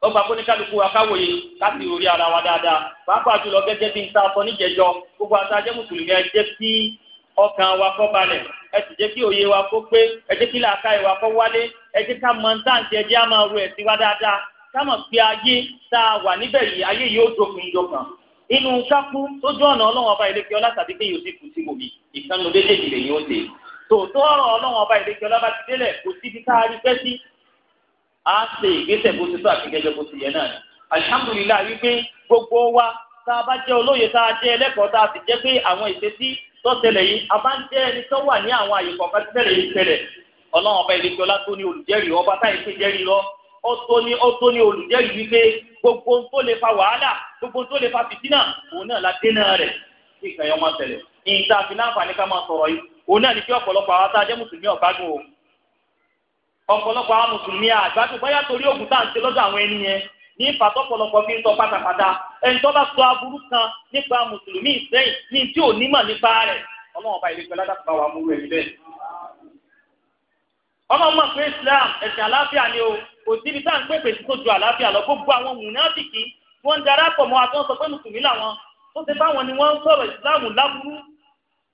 ó fà fún kálukú akáwòye láti orí ara wa dáadáa pàápàá jùlọ gẹ́gẹ́ bí n ta sọ níjẹjọ gbogbo àtàjẹ́ mùsùlùmí ẹ jẹ́ kí ọkàn wa kó balẹ̀ ẹ sì jẹ́ kí òye wa kó pé ẹ jẹ́ kí làákàyè wa kó wálé ẹ jẹ́ ká mọ ntáǹtì ẹ jẹ́ á máa ro ẹ̀sìn wa dáadáa ká mọ̀ pé ayé tá a wà níbẹ̀ yìí ayé yìí ó dópin jọkàn inú kápú sójú ọ̀nà ọlọ́wọ́n ọba ìlẹ́kẹ́ ọlá tàbí pé yóò sì kù sí wòmí ìkànnì méjèèjì lè yóò dé tòótọ́ ọ̀rọ̀ ọlọ́wọ́n ọba ìlẹ́kẹ́ ọlá bá ti délẹ̀ kò síbi tá a rí pẹ́ sí á ṣe ìgbésẹ̀ bó ti tó àti gẹ́gẹ́ bó ti yẹ náà alihamudulilayi wípé gbogbo wa tá a bá jẹ́ olóye tá a jẹ́ ẹlẹ́kọ̀ọ́ tá a sì jẹ́ pé àwọn ìṣesí tó tẹ̀lẹ̀ yìí a bá ń jẹ́ ẹni tó wà ní àwọn àyè kọ̀ọ̀kan tí tẹ̀lẹ̀ yìí tẹ̀lẹ̀ ọlọ́run ọba ìlẹ́jọ́ látó ní olùjẹ́rìí ọba táyé pé jẹ́rìí lọ ó tó ní ó tó ní olùjẹ́rìí wípé gbogbo tó lè fa wàhálà gbogbo tó lè fa fìtínà òun náà la dé náà rẹ̀ ọ̀pọ̀lọpọ̀ àwọn mùsùlùmí àgbàdo bóyá torí ògùn tá à ń ṣe lọ́dọ̀ àwọn ẹni yẹn ní ìfàtọ́pọ̀lọpọ̀ fi ń sọ pátápátá ẹni tó bá sọ aburú kan nípa mùsùlùmí ìsẹ́yìn ní tí ò nímọ̀ nípa rẹ̀ ọlọ́run ọba ìlẹ́gbẹ́ ládàpọ̀ wà mú rẹ̀ níbẹ̀. ọlọ́run pé Islam ẹ̀sìn àlàáfíà ni o kò síbi tá à ń pè pèsè tó ju àlàáfíà lọ gbogbo àwọn mùnáfìkì tí wọ́n ń darapọ̀ mọ́ àti sọ pé mùsùlùmí làwọn tó ṣe báwọn ni wọ́n sọ̀rọ̀ Islam láburú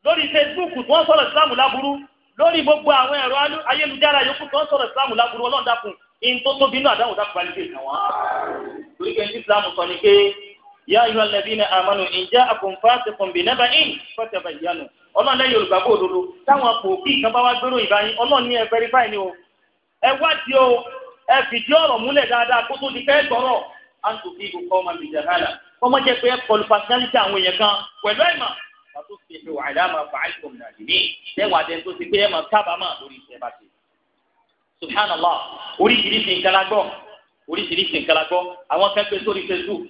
lórí Facebook tí wọ́n sọ̀rọ̀ Islam láburú lórí gbogbo àwọn ẹ̀rọ ayélujára yòókù tó ń sọ̀rọ̀ ìsìlámù lágbóró ọlọ́run in tó tóbi inú àdáhùn dákun balẹ̀ bíi àwọn. torí pé ní ìsìlámù sọ ni pé yá ayọ̀ alẹ́bí ni àmọ́nù ìjà àkùnfàṣe kùnbí nẹ́bà in fọ́tẹ̀bà ìyanu ọlọ́run lẹ́yìn olùgbàgbọ́ òdodo táwọn pòkì kan bá wá o ẹ wádìí o pàtó fi ṣe wàhálà máa fà á ìkọ̀ mìíràn nìyí lẹ́wọ̀n àti ẹni tó ti pé ẹ̀ máa kábàámà lórí iṣẹ́ bá ti. subhanallah oríṣiríṣi nǹkan la gbọ́ oríṣiríṣi nǹkan la gbọ́ àwọn kan sórí facebook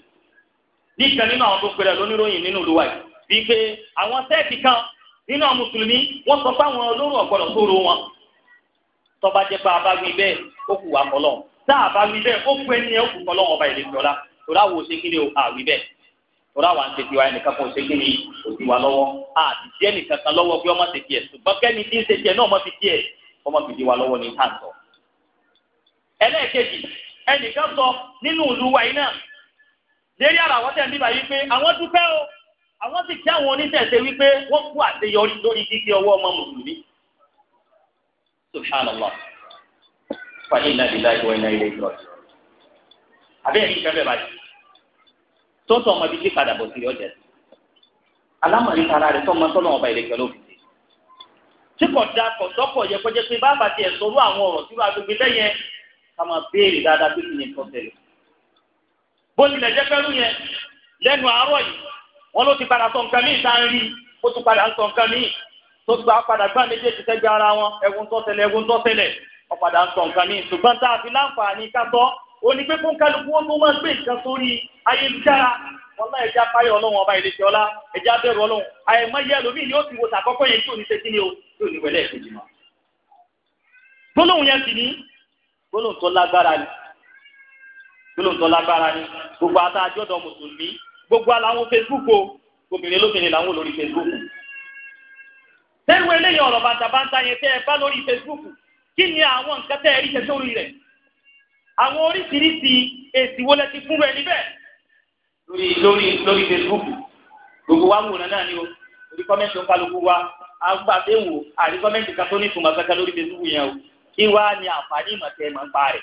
ní ìkan nínú àwọn tó pèrè lóníròyìn nínú ìlú yìí bíi pé àwọn sẹ́ẹ̀tì kan nínú àwọn mùsùlùmí wọ́n sọ fáwọn olóró ọ̀gbọ́dọ̀ sóró wọn tọ́ba jẹ́ abáwí bẹ́ẹ̀ ó kù wá kọ́lọ́ tá àbáwí bẹ́ẹ̀ ó kú ẹni ẹ̀ ó kù kọ́lọ́ ọba ìlẹ̀kùn tora wa ń tètè wa ẹnìkan kan ò ṣe kí ni a ti tiẹ̀ nìkan kan lọ́wọ́ kí ọmọ tètè ẹ̀ ṣùgbọ́n kẹ́ni tí ń ṣe tiẹ̀ náà ọmọ fi tiẹ̀ ọmọ fi di wa lọ́wọ́ ní sọ nínú ìlú wa iná lérí ara àwọn tẹ̀ pé àwọn dúpẹ́ o àwọn sì kí àwọn oníṣẹ̀ṣe wípé wọ́n kú àṣeyọrí lórí kíkí ọwọ́ ọmọ mùsùlùmí. subhanallah tó tọ ọmọ bíbí padà bọ̀ sí ọjà sí alámọ̀rí tara rẹ̀ tọ́mọ tọ́lọ́ ọba ìrẹ̀kẹ́ ló fi ṣe. tí kò da kò sọ́kọ̀ yẹ kó jẹ́ pé bàbá tiẹ̀ sọ̀rọ̀ àwọn ọ̀rọ̀ tí wàá gbégbé lẹ́yìn ká máa béèrè dáadáa pé kí ni nǹkan tẹ̀lé. bó tilẹ̀ jẹ́ fẹ́rú yẹn lẹ́nu àárọ̀ yìí wọ́n ló ti padà sọ nǹkan míì tá ń rí ó tún padà ń sọ nǹkan míì tó gba padà gbá méjèèjì sẹ́gbẹ́ ara wọn ẹ̀wùn tọ́tẹ̀lẹ̀ ẹ̀wùn tọ́tẹ̀lẹ̀ ọ̀padà ń sọ nǹkan míì ṣùgbọ́n tá a fi láǹfààní ká tọ́ òní pé fún kálukú wọn tó máa gbé nǹkan sórí ayélujára wọn náà ẹja páyọ ọlọ́run ọba ìlẹsẹ ọlá ẹja bẹ̀rù ọlọ́run àìmọ̀ yẹ lómi ni ó ti wo tàkọ́kọ́ yẹn tí ò ní ṣe kíni o tí ò ní wẹlẹ ìkejì mọ. gbólóhùn yẹn sì ní gbólóhùn tó lágbára ni gbólóhùn tó lágbára ni gbogbo ata àjọdọ mùsùlùmí gbogbo aláwọn facebook o obìnrin lóbìnrin làwọn olórí facebook. sẹ́nu eléyìí ọ̀rọ̀ bàtàbàtà yẹn tẹ́ ẹ bá lórí facebook kí ni àwọn nǹkan tẹ́ ẹ rí àwọn oríṣiríṣi èsì wo lẹ ti fún rẹ níbẹ̀ lórí lórí lórí Facebook gbogbo wa wòran náà ni o orí kọ́mẹ́ntì ń kálukú wa agbàdéwò àrí kọ́mẹ́ntì kan tó ní ìtumọ̀ kankan lórí Facebook yẹn o kí wá ní àǹfààní ìmọ̀tẹ́ ìmọ̀ ń pa rẹ̀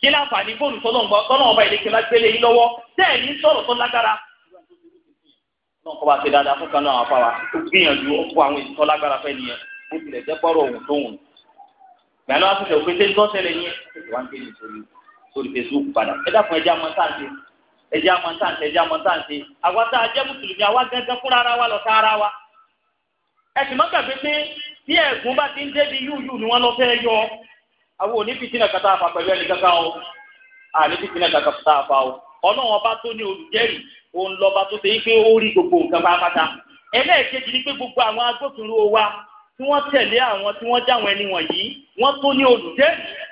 kí láǹfààní fóònù tọ́nà ọba ìdíkẹ́ lágbélé yín lọ́wọ́ tẹ́ẹ̀ ní sọ̀rọ̀ tó lágbára náà kọ́ bá ṣe dáadáa fún kanáà àwọn afáwa ó gbìyànjú ó kó àwọn ìtọ́ lágbára fẹ́ nìyẹn bó tilẹ̀ jẹ́ pọ́rọ̀ òun tó wùn. ìgbà náà wọ́n ń tọ́ tẹ́lẹ̀ yín ètò ń gbé nìtorí sórí facebook padà ẹ dákun ẹjẹ àmọ́ sáǹtì ẹjẹ àmọ́ sáǹtì ẹjẹ àmọ́ sáǹtì àwa tá mùsùlùmí àwa gángan fúnra ara wa lọ́ta ara wa ẹ sì mọ́ gbàgbé pé tí ẹ̀gún bá ti ń débi yúùyù ni wọ́n lọ fẹ́ yọ àwọn òní fìtínà kata àfà pẹ̀lú ẹni kankan o àní fìtínà kata àfà o ọlọ́run ọba tó ní olùjẹ́rìí òun lọ́ba tó ṣe pé ó rí gbogbo nǹkan pátápátá ẹlẹ́ẹ̀kejì ni pé gbogbo àwọn agbófinró wa tí wọ́n tẹ̀lé àwọn tí wọ́n jáwọn ẹni wọ̀nyí wọ́n tó ní olùjẹ́rìí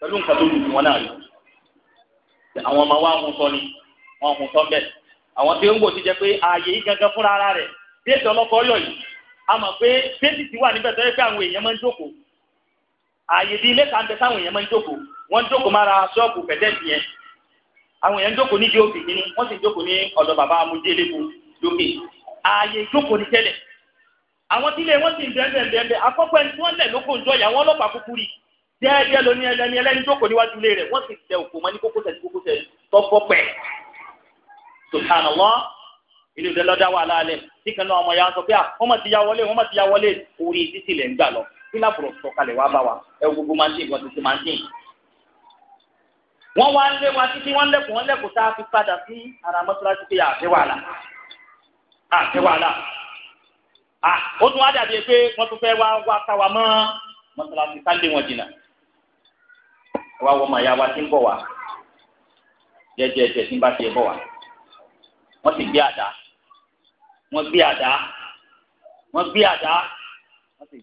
pẹ̀lú nǹkan tó dùn wọn náà rí àwọn ọmọ wa hun sọ ni wọn hun sọ bẹ́ẹ̀ àwọn tí ó ń wò ti jẹ́ pé ààyè yìí gangan fúnra ara rẹ̀ déètì ọlọ́kọ ọyọ yìí a mọ̀ pé déètì ti wà níbẹ̀ tó yẹ pé àwọn èèyàn máa ń jókòó ààyè bíi ilé kan bẹ táwọn èèyàn máa ń jókòó wọ́n jókòó mára ṣọ́ọ̀bù pẹ̀tẹ́ẹ̀tì yẹn àwọn èèyàn jókòó ní jókè kínní wọ́n sì jókòó ní ọ̀dọ̀ bàbá amújélébu lókè ààyè ìjókòó ni tẹ́lẹ̀ àwọn tílé wọn sì ń bẹ́ẹ̀ bẹ́ẹ̀ bẹ́ẹ̀ akọ́kọ́ ẹni tí wọ́n lẹ̀ lóko ń jọ ìyàwó ọlọ́pàá kúkú díẹ̀díẹ̀ lóní ẹlẹ́ni ẹlẹ́ni tó kò níwájú ilé rẹ̀ wọ́n sì tẹ òkò mọ́ ní kókósẹ̀ ní kókósẹ̀ tọ́kọ́ pẹ̀. subhanallah ilé ìdẹ lọ́dá wà láàlẹ̀ tí kan náà ọmọ ya sọ pé à ah, wọ́n mọ̀ ti ya wọlé wọ́n mọ̀ ti ya wọlé orí títì lẹ̀ ń gbà lọ kí lábùrọ̀ sọ̀kalẹ̀ wá bá wa ẹ gbogbo machine wọn tuntun machine. wọ́n wá ń lé wa títí wọ́n lẹ́kùn wọ́n lẹ́kùn tá a fi padà sí ara mọ́ṣáláṣí pé àfẹ́ ah, wàhálà àfẹ́ ah, wàhálà. ó tún wá dàbí pé wọ́n tún fẹ́ wá wá ká wa mọ́ mọ́ṣáláṣí ká wọn jìnnà wá wọ́n máa ya wá sí ń bọ̀ wá jẹ́jẹ́ ẹsẹ̀ tí ń bá ti bọ̀ wá wọ́n sì gbé àdá wọ́n gbé àdá wọ́n gbé àdá wọ́n sì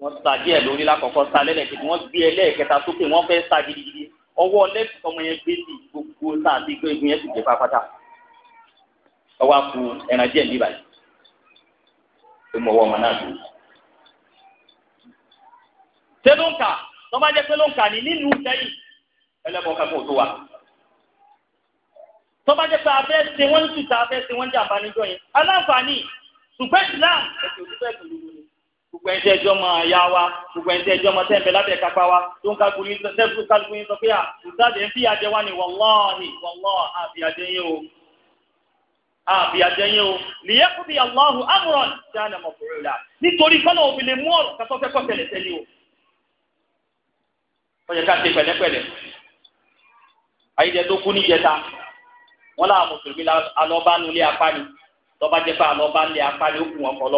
wọ́n sa díẹ̀ lórí lákọ̀ọ́kọ́ sa lẹ́lẹ́kẹ̀tì wọ́n gbé ẹlẹ́ẹ̀kẹta sókè wọ́n fẹ́ sa gidigidi ọwọ́ lẹ́sìn ọmọ yẹn gbé sí gbogbo sáà sí gbé egun yẹn sì gbé pápátá ọwọ́ àpò ẹran díẹ̀ níbà yìí pé mo wọ ọmọ náà dùn. ṣé ló ń kà tó bá jẹ́ pé ló ń kà ní nílùú sẹ́yìn ẹlẹ́bọ̀ kankan ò tó wa. tọ́ba jẹ́ pé abẹ́ ṣe wọ́n ń sùtà abẹ́ ṣe wọ́n ń jàǹbá níjọ yẹn aláǹfààní ṣùgbọ́n Islam ẹ̀sìn òtítọ́ ẹ̀sìn ni gbogbo ẹni tí ẹjọ́ máa ya wa gbogbo ẹni tí ẹjọ́ máa tẹ̀m̀bẹ̀ lábẹ́ kápá wa tó ń o o Allahu a nà mọ̀ nítorí kọ́nà lè mú ọ̀rọ̀ kátó fẹ́ kọ́ o. àyíjẹ tó kú níjẹta wọn làwọn mùsùlùmí alọ́bánulẹ̀ apáni tọ́ba jẹ́ pé alọ́bánulẹ̀ apáni ó kù wọn kọ́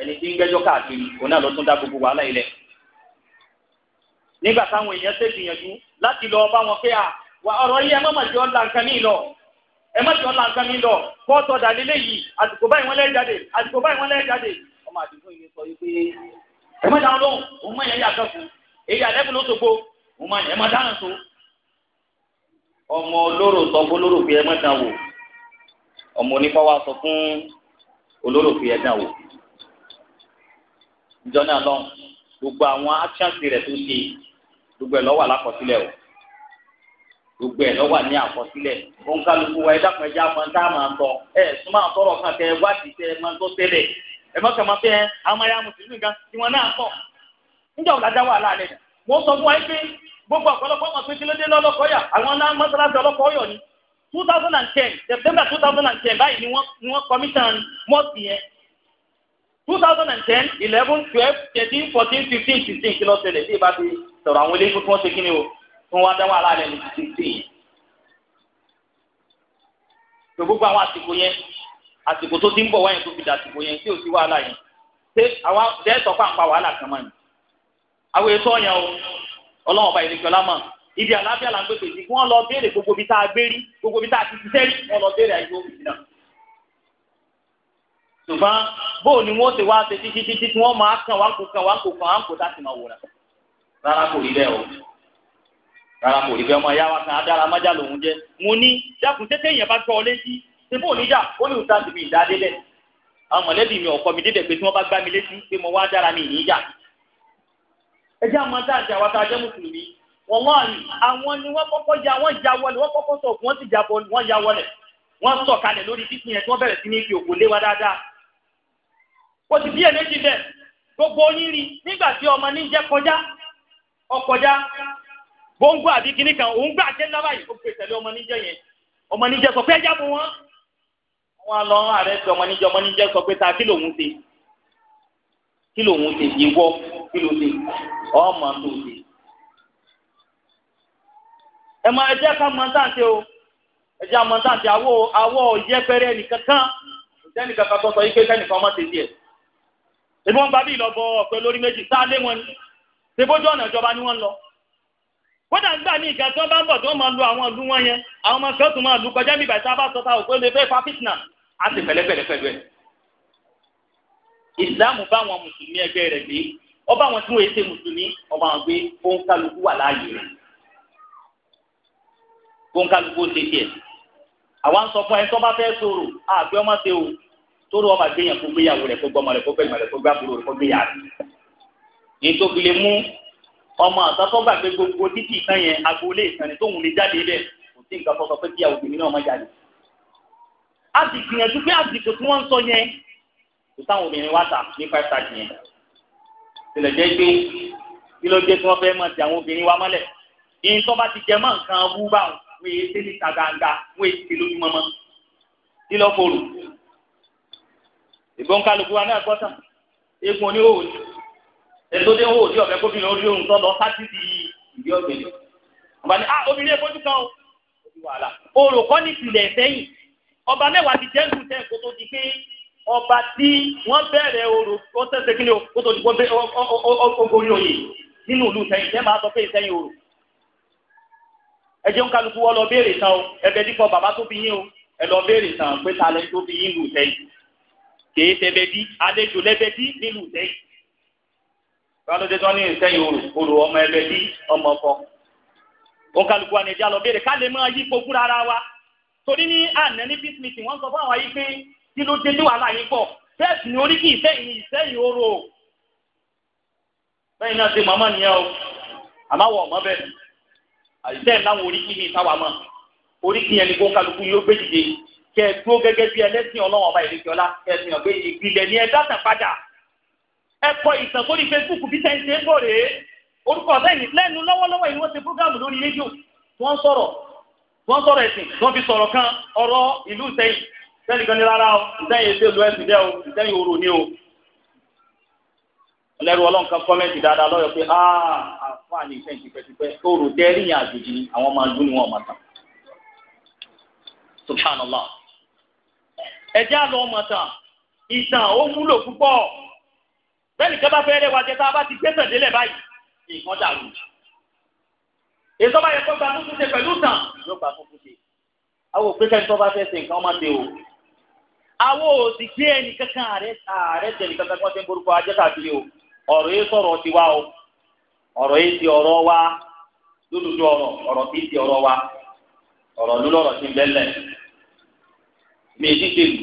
ẹni tí ń gbẹ́jọ́ káàkiri òun náà lọ tún dá gbogbo wàhálà ilẹ̀ nígbà táwọn èèyàn ṣe gbìyànjú láti lọ bá wọn pé lọ ẹ má la nǹkan mi lọ kóòtù yìí àsìkò báyìí jáde àsìkò báyìí ọmọ yìí sọ wípé ọmọ olóró sọ fún olóró pé ẹ má dán wò ọmọ onífọwọ́ sọ fún olóró pé ẹ dán wò ìjọ náà lọ gbogbo àwọn actions rẹ̀ tó ṣe gbogbo ẹ̀ lọ́wọ́ alákọsílẹ̀ o gbogbo ẹ lọ́wọ́ ní àkọsílẹ̀ òun kálukú wa ẹ dákun ẹ já máa ń tá a máa ń tọ ẹ súnmọ́ àtọ́rọ̀ kan tẹ wádìí tẹ máa ń tó tẹ́lẹ̀ ẹ mọ́ kàmá fẹ́ àwọn ẹ̀yà mùsùlùmí kan tí wọ́n náà pọ̀ níjọ́ ọ̀la dá wàhálà mo sọ fún wa pé gbogbo ọ̀pọ̀lọpọ̀ ọmọ pé kí ló dé lọ́lọ́kọ́yà àwọn náà mọ́sálásí ọlọ́kọ́yọ̀ ni two thousand and ten september two thousand and ten báyìí ni wọ́n ni wọ́n commission mọ́ọ̀sì yẹn two thousand and ten eleven twelve thirteen fourteen fifteen sixteen kí ló ṣẹlẹ̀ bí ìbá ti sọ̀rọ̀ àwọn eléyìí fún ṣe kí o fún wọn dáwọ́ aláàlẹ́ ní sixteen gbogbo àwọn àsìkò yẹn àsìkò tó ti ń bọ̀ wáyé tó fi dàsìkò yẹn tí ò sí wàhálà yẹn ṣé àwọn dẹ́sọ̀ pàǹpà wàhálà kan mọ́ ni àwọn èso ọ̀yàn o ọlọ́wọ́n ọba ìlẹ̀kẹ́ ọlámà ibi àlàáfíà là ń pèsè sí wọ́n lọ béèrè gbogbo ibi tá a gbé rí gbogbo ibi tá a ti ti sẹ́rí wọ́n lọ béèrè àìsàn òfin náà. ṣùgbọ́n bóò ni wọ́n ti wá ṣe títí títí tí wọ́n máa kàn wá kàn wá kàn wá láti máa wòrán. rárá kò rí bẹ́ẹ̀ o rárá kò rí bẹ́ẹ̀ ọmọ ìyá wa kan adára májà lòun jẹ́ mo ní dákun tẹ́tẹ́ yẹn bá tọ́ ọ létí ṣé bóò níjà ó ní ìta tèmi ìdádé bẹ́ẹ̀ ẹjẹ́ àwọn tá àti àwọn tá a jẹ́ mùsùlùmí wọ́n wọ́n àyè àwọn ni wọ́n kọ́kọ́ ya wọ́n ya wọlé wọ́n kọ́kọ́ sọ̀kù wọ́n ti jà bọ́ wọ́n ya wọlé wọ́n sọ̀ kalẹ̀ lórí títí yẹn tí wọ́n bẹ̀rẹ̀ sí ní fi òkò lé wa dáadáa. ó ti bí ẹ̀mẹ́jì bẹ́ẹ̀ gbogbo yín rí nígbà tí ọmọ ní jẹ́ kọjá ọkọjá gbóngbó àbí kinní kan òun gbà jẹ́ lábàá yìí ó pè tẹ̀lé ọmọ níjẹ́ yẹn ọmọ níjẹ́ sọ pé ẹjá bò wọ́n. wọ́n lọ àrẹ sọ ọmọ níjẹ́ ọmọ níjẹ́ sọ pé ta kí lòun ṣe kí lòun ṣe ìwọ kí ló dé ọmọ tó dé. ẹ máa jẹ́ ká mọ sáǹtì o ẹ jẹ́ àmọ́ sáǹtì àwọ̀ àwọ̀ yẹpẹrẹ nìkan kan ìtẹ́nì kankan tó sọ yí pé kẹ́nìkan ọmọ ti díẹ̀. ìbí wọn gba bí ìlọ́bọ ọ̀pẹ lórí méjì sáà lé wọn ni ṣèbójú ọ̀nà ìjọba ni wọ́n ń lọ. kódà ń gbà ní ìgbà tí wọ́n bá ń bọ̀ tí wọ́n máa lu àwọn ìlú wọn yẹn àwọn ọmọ kan tún máa lu kọjá bíbà ìta bá sọ ta òpin lè fẹ́ fa fitna á sì pẹ̀lẹ́pẹ̀lẹ́ ìsìlámù bá àwọn mùsùlùmí ẹgbẹ́ rẹ̀ gbé ọba àwọn tí wọ́n yẹ ṣe mùsùlùmí ọba àwọn pé òǹkàlùkù wà láàyè rẹ̀ òǹkàlùkù ó ṣe tiẹ̀ àwa ń sọ fún ẹ tó bá fẹ́ sọ̀rọ̀ àgbẹ ọmọ ṣe o tóró ọmọ àgbẹyàn kó gbéyàwó rẹ̀ kó gbọmọ rẹ̀ kó gbẹgbẹ rẹ̀ kó gbàgbóró rẹ̀ kó gbéyàwó rẹ̀ nítorí lè mú ọmọ àtọ́tọ́ gbàgbé gbogbo títí ìtàn yẹn agboolé ìtàn tóun lè jáde bẹ́ẹ̀ kò sí nǹkan fọsọ pé kí àwọn obìnrin náà má jáde. a sì gbìyànjú pé àsìkò tí wọ́n ń sọ yẹn kò táwọn obìnrin wá tà ní five thirty yẹn tilẹ̀ jẹ́ pé kí ló dé tí wọ́n fẹ́ mọ̀ sí àwọn obìnrin wa mọ́lẹ̀ ìyẹn tó bá ti jẹ mọ́ nǹkan wú bá wọn wọ́n èyí tẹ́lẹ̀ ta gbangba wọ́n èyí tẹ́lẹ̀ ojúmọ́mọ́ kí lọ́ fòrò ìbọn kálukú wa náà gbọ́tàn eégún oníhòòhò ni ètò dé hòòhò tí ọ̀fẹ́ kófìnà orí ohun tó lọ sátì di ìdí ọ̀gbẹ́ ni ọba ni ah obìnrin èkójú kan o òrùkọ́ ní ìpìlẹ̀ sẹ́yìn ọba mẹ́wàá ti jẹ́ ń ọba tí wọ́n bẹ̀rẹ̀ orò ó tẹ̀sẹ̀ kí ni ó tó dìbò ogori òye nínú ìlú sẹ́yìn tẹ́ máa sọ pé ìsẹ́yìn orò. ẹ jẹun kálukú wọ́n lọ béèrè tán o ẹbẹ dípọ̀ bàbá tó bí yín o ẹ lọ béèrè tán pé ta lẹ tó bí yín lù sẹ́yìn kèé tẹ́bẹ̀ bí àlejò lẹ́bẹ̀ bí nínú sẹ́yìn. kálódé tán ní ìsẹ́yìn orò orò ọmọ ẹbẹ bí ọmọ ọkọ. ó kálukú wa nìjà lọ béèrè ká lè máa yí fokúra ara wa torí ní àná ní bísí kí ló dé tí wàhálà yín pọ̀ bẹ́ẹ̀ sì ni orí kì í sẹ́yìn ìsẹ́yìn oró o bẹ́ẹ̀ náà ṣe màmá nìyẹn o àmọ́ wọ̀ ọ̀mọ́ bẹ́ẹ̀ àìsẹ́yìn láwọn orí kì í mi sáwà mọ́ orí kì í yẹn ni kó kálukú yóò gbé dìde kẹ ẹ dúró gẹ́gẹ́ bí ẹlẹ́sìn ọlọ́wọ́n ọba ìrèké ọlá kẹ ẹ sìnà pé ìpìlẹ̀ ni ẹ dátàn padà ẹ kọ ìtàn sórí Facebook bí sẹ́ńtì ń bọ̀ rèé orúkọ ọ̀sẹ́yìn lẹ́nu lọ́wọ́lọ́wọ́ yìí wọ́n ṣe programu lórí rédíò wọ́n sọ̀rọ̀ wọ́n sọ̀rọ̀ ẹ̀sìn wọ́n fi sọ̀rọ̀ kan ọ̀rọ̀ ìlú sẹ́yìn sẹ́ni kan ní rárá o ìsẹ́yìn èsì olú ẹ̀sìn dẹ́ o ìsẹ́yìn òru ni o. ọlẹ́rú ọlọ́run kan dáadáa lọ́yọ̀ pé ah, àfáà ní ìfẹ́ tipẹ́tipẹ́ tó rò tẹ́ rí àjòjì ni àwọn máa lú ni wọ́n máa subhanallah. ẹ̀jẹ̀ àlọ́ ọmọ ìtàn ó wúlò púpọ̀ bẹ́ẹ̀ni kẹ́ bá fẹ́ẹ́ rẹ̀ wájẹ́ tá a bá ti gbé yẹ kó gba fúnfún ṣe pẹ̀lú tàn yóò gba fúnfún ṣe. àwọn òpin kẹ́ni tó bá fẹ́ ṣe nǹkan o àwọn ò sì gbé ẹnì kankan ààrẹ ààrẹ tẹ̀lé kankan kí wọ́n ti ń borúkọ ajé káàkiri o ọ̀rọ̀ yìí sọ̀rọ̀ ti wá o ọ̀rọ̀ yìí ti wa lódodo ọ̀rọ̀ ọ̀rọ̀ ti ti ọ̀rọ̀ wa ọ̀rọ̀ lólọ́rọ̀ ti ń bẹ́lẹ̀ mi èdè tèlù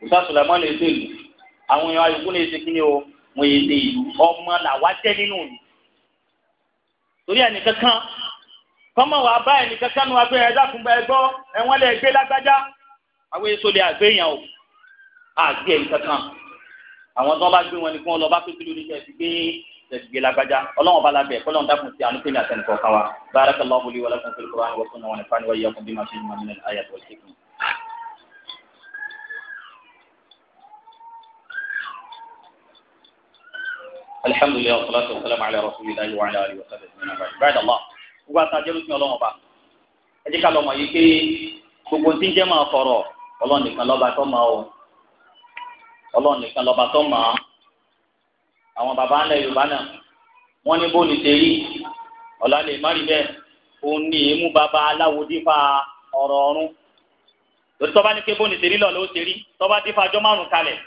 musa sulaimon lè tèlù àwọn èèyàn ayọ̀kú lè ṣe kíni o mo yé ṣe ìlú ọmọ làwa jẹ́ nínú mi torí ẹnì kankan kọ́mọ wàá bá ẹnì kankan nu àwọn èso lè àgbé yàn o àgbé ẹ̀yìn kankan àwọn tó ń bá gbé wọn ni kí wọ́n lọ bá pé kí ló ní sẹ́ẹ̀sì gbé sẹ́ẹ̀sì gbé lágbájá ọlọ́run bá lábẹ́ kọ́lọ́run dákun sí àánú pèmí àtẹnukọ̀ kan wa barakallahu li wa lakum fil Qur'ani wa sunnah wa nafa'ani wa iyyakum bima fihima min al-ayati wal hikmah. الحمد لله والصلاة والسلام على رسول الله وعلى آله وصحبه أجمعين بعد الله gbogbo àtàjẹ́ ló ti ọlọ́run ọba ẹ jẹ́ ká lọ́mọ yìí pé ọlọ́run nìkan lọ́ba tó mọ̀ ọ́ ọlọ́run nìkan lọ́ba tó mọ̀ ọ́ àwọn baba ńlẹ̀ yorùbá náà wọ́n ní bóòlù tẹ̀lé ọ̀la lè má bẹ́ẹ̀ òun ní èémú baba aláwo dífá ọ̀rọ̀ ọ̀run lórí tọ́ba ní pé bóòlù tẹ̀lé lọ́ọ̀lọ́ ó tẹ̀lé tọ́ba dífá ọjọ́ márùn kalẹ̀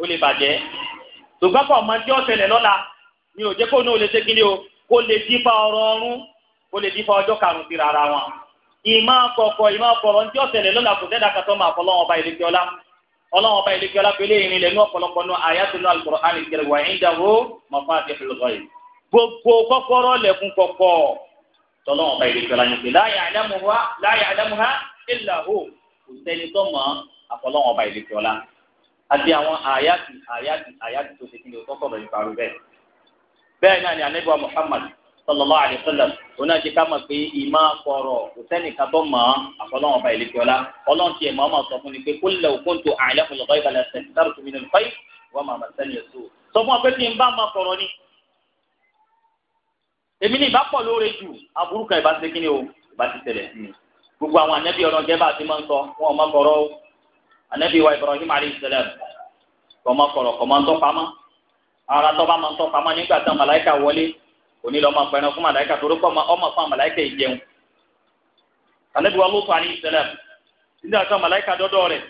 ó lè bàjẹ́ ṣùgbọ́n pọ̀ mọ́ tí ó ṣẹlẹ̀ lọ́la ni ò jẹ́ kó ní o lè ṣe kíni o kó lè dífá ọ̀rọ̀ ọ̀run kó lè dífá ọjọ́ karùn-ún sí rárá wọn ìmọ̀ kọ̀kọ̀ ìmọ̀ kọ̀rọ̀ ntí ọ̀sẹ̀lẹ̀ lọ́la kò dẹ́dà kàtọ́ máa fọ lọ́wọ́ ọba ìlẹ́kẹ́ ọlá ọlọ́wọ́ ọba ìlẹ́kẹ́ ọlá pẹ̀lú ìrìn lẹ́nu ọ̀pọ̀lọpọ̀ nù àyàtúnú al-Qur'an al-Karim wa indahu mafatihul ghaib gbogbo kọ́kọ́rọ́ lẹ́kùn kọ̀kọ́ tọ́lọ́wọ́ ọba ìlẹ́kẹ́ ọlá yẹn la ya'lamuha illa hu kò sẹ́ni tó mọ̀ àfọlọ́wọ́ ọba ìlẹ́kẹ́ ọlá àti àwọn àyàtì àyàtì àyàtì tó sallallahu alaihi wasallam òun náà ti ká mọ̀ pé ìmọ̀ kọ̀rọ̀ kò sẹ́nìkan tó mọ̀ àfọlọ́wọn ọba ìlẹ́kẹ́ ọlá ọlọ́run tiẹ̀ mọ̀ ọ́ sọ fún mi pé kó lẹ̀ òkun tó àìlẹ́ fún lọ́kọ́ ìbàlẹ̀ sẹ́ńtítàrù tó mi nínú fáyì wọ́n máa máa sẹ́ni ẹ̀sọ́ sọ fún ọ pé kí n bá mọ̀ kọ̀rọ̀ ni èmi ní ìbápọ̀ lóore jù aburú ìbá ṣe kí o ìbá ti tẹ̀lẹ̀ gbogbo àwọn ànábì ọ̀rọ̀ jẹ́ bá máa ń sọ wọn ò mọ̀ kọ̀rọ̀ o ànábì wa Ibrahim alayhi salam kọ̀ mọ̀ kọ̀rọ̀ kọ̀ ara tọ́ bá nígbà tán màláìka wọlé òní lọ máa pẹran fún màláìka torí pọ ọmọ fún màláìka ìjẹun ànábì wa Lútù alayhi salam nígbà tó màláìka dọdọ rẹ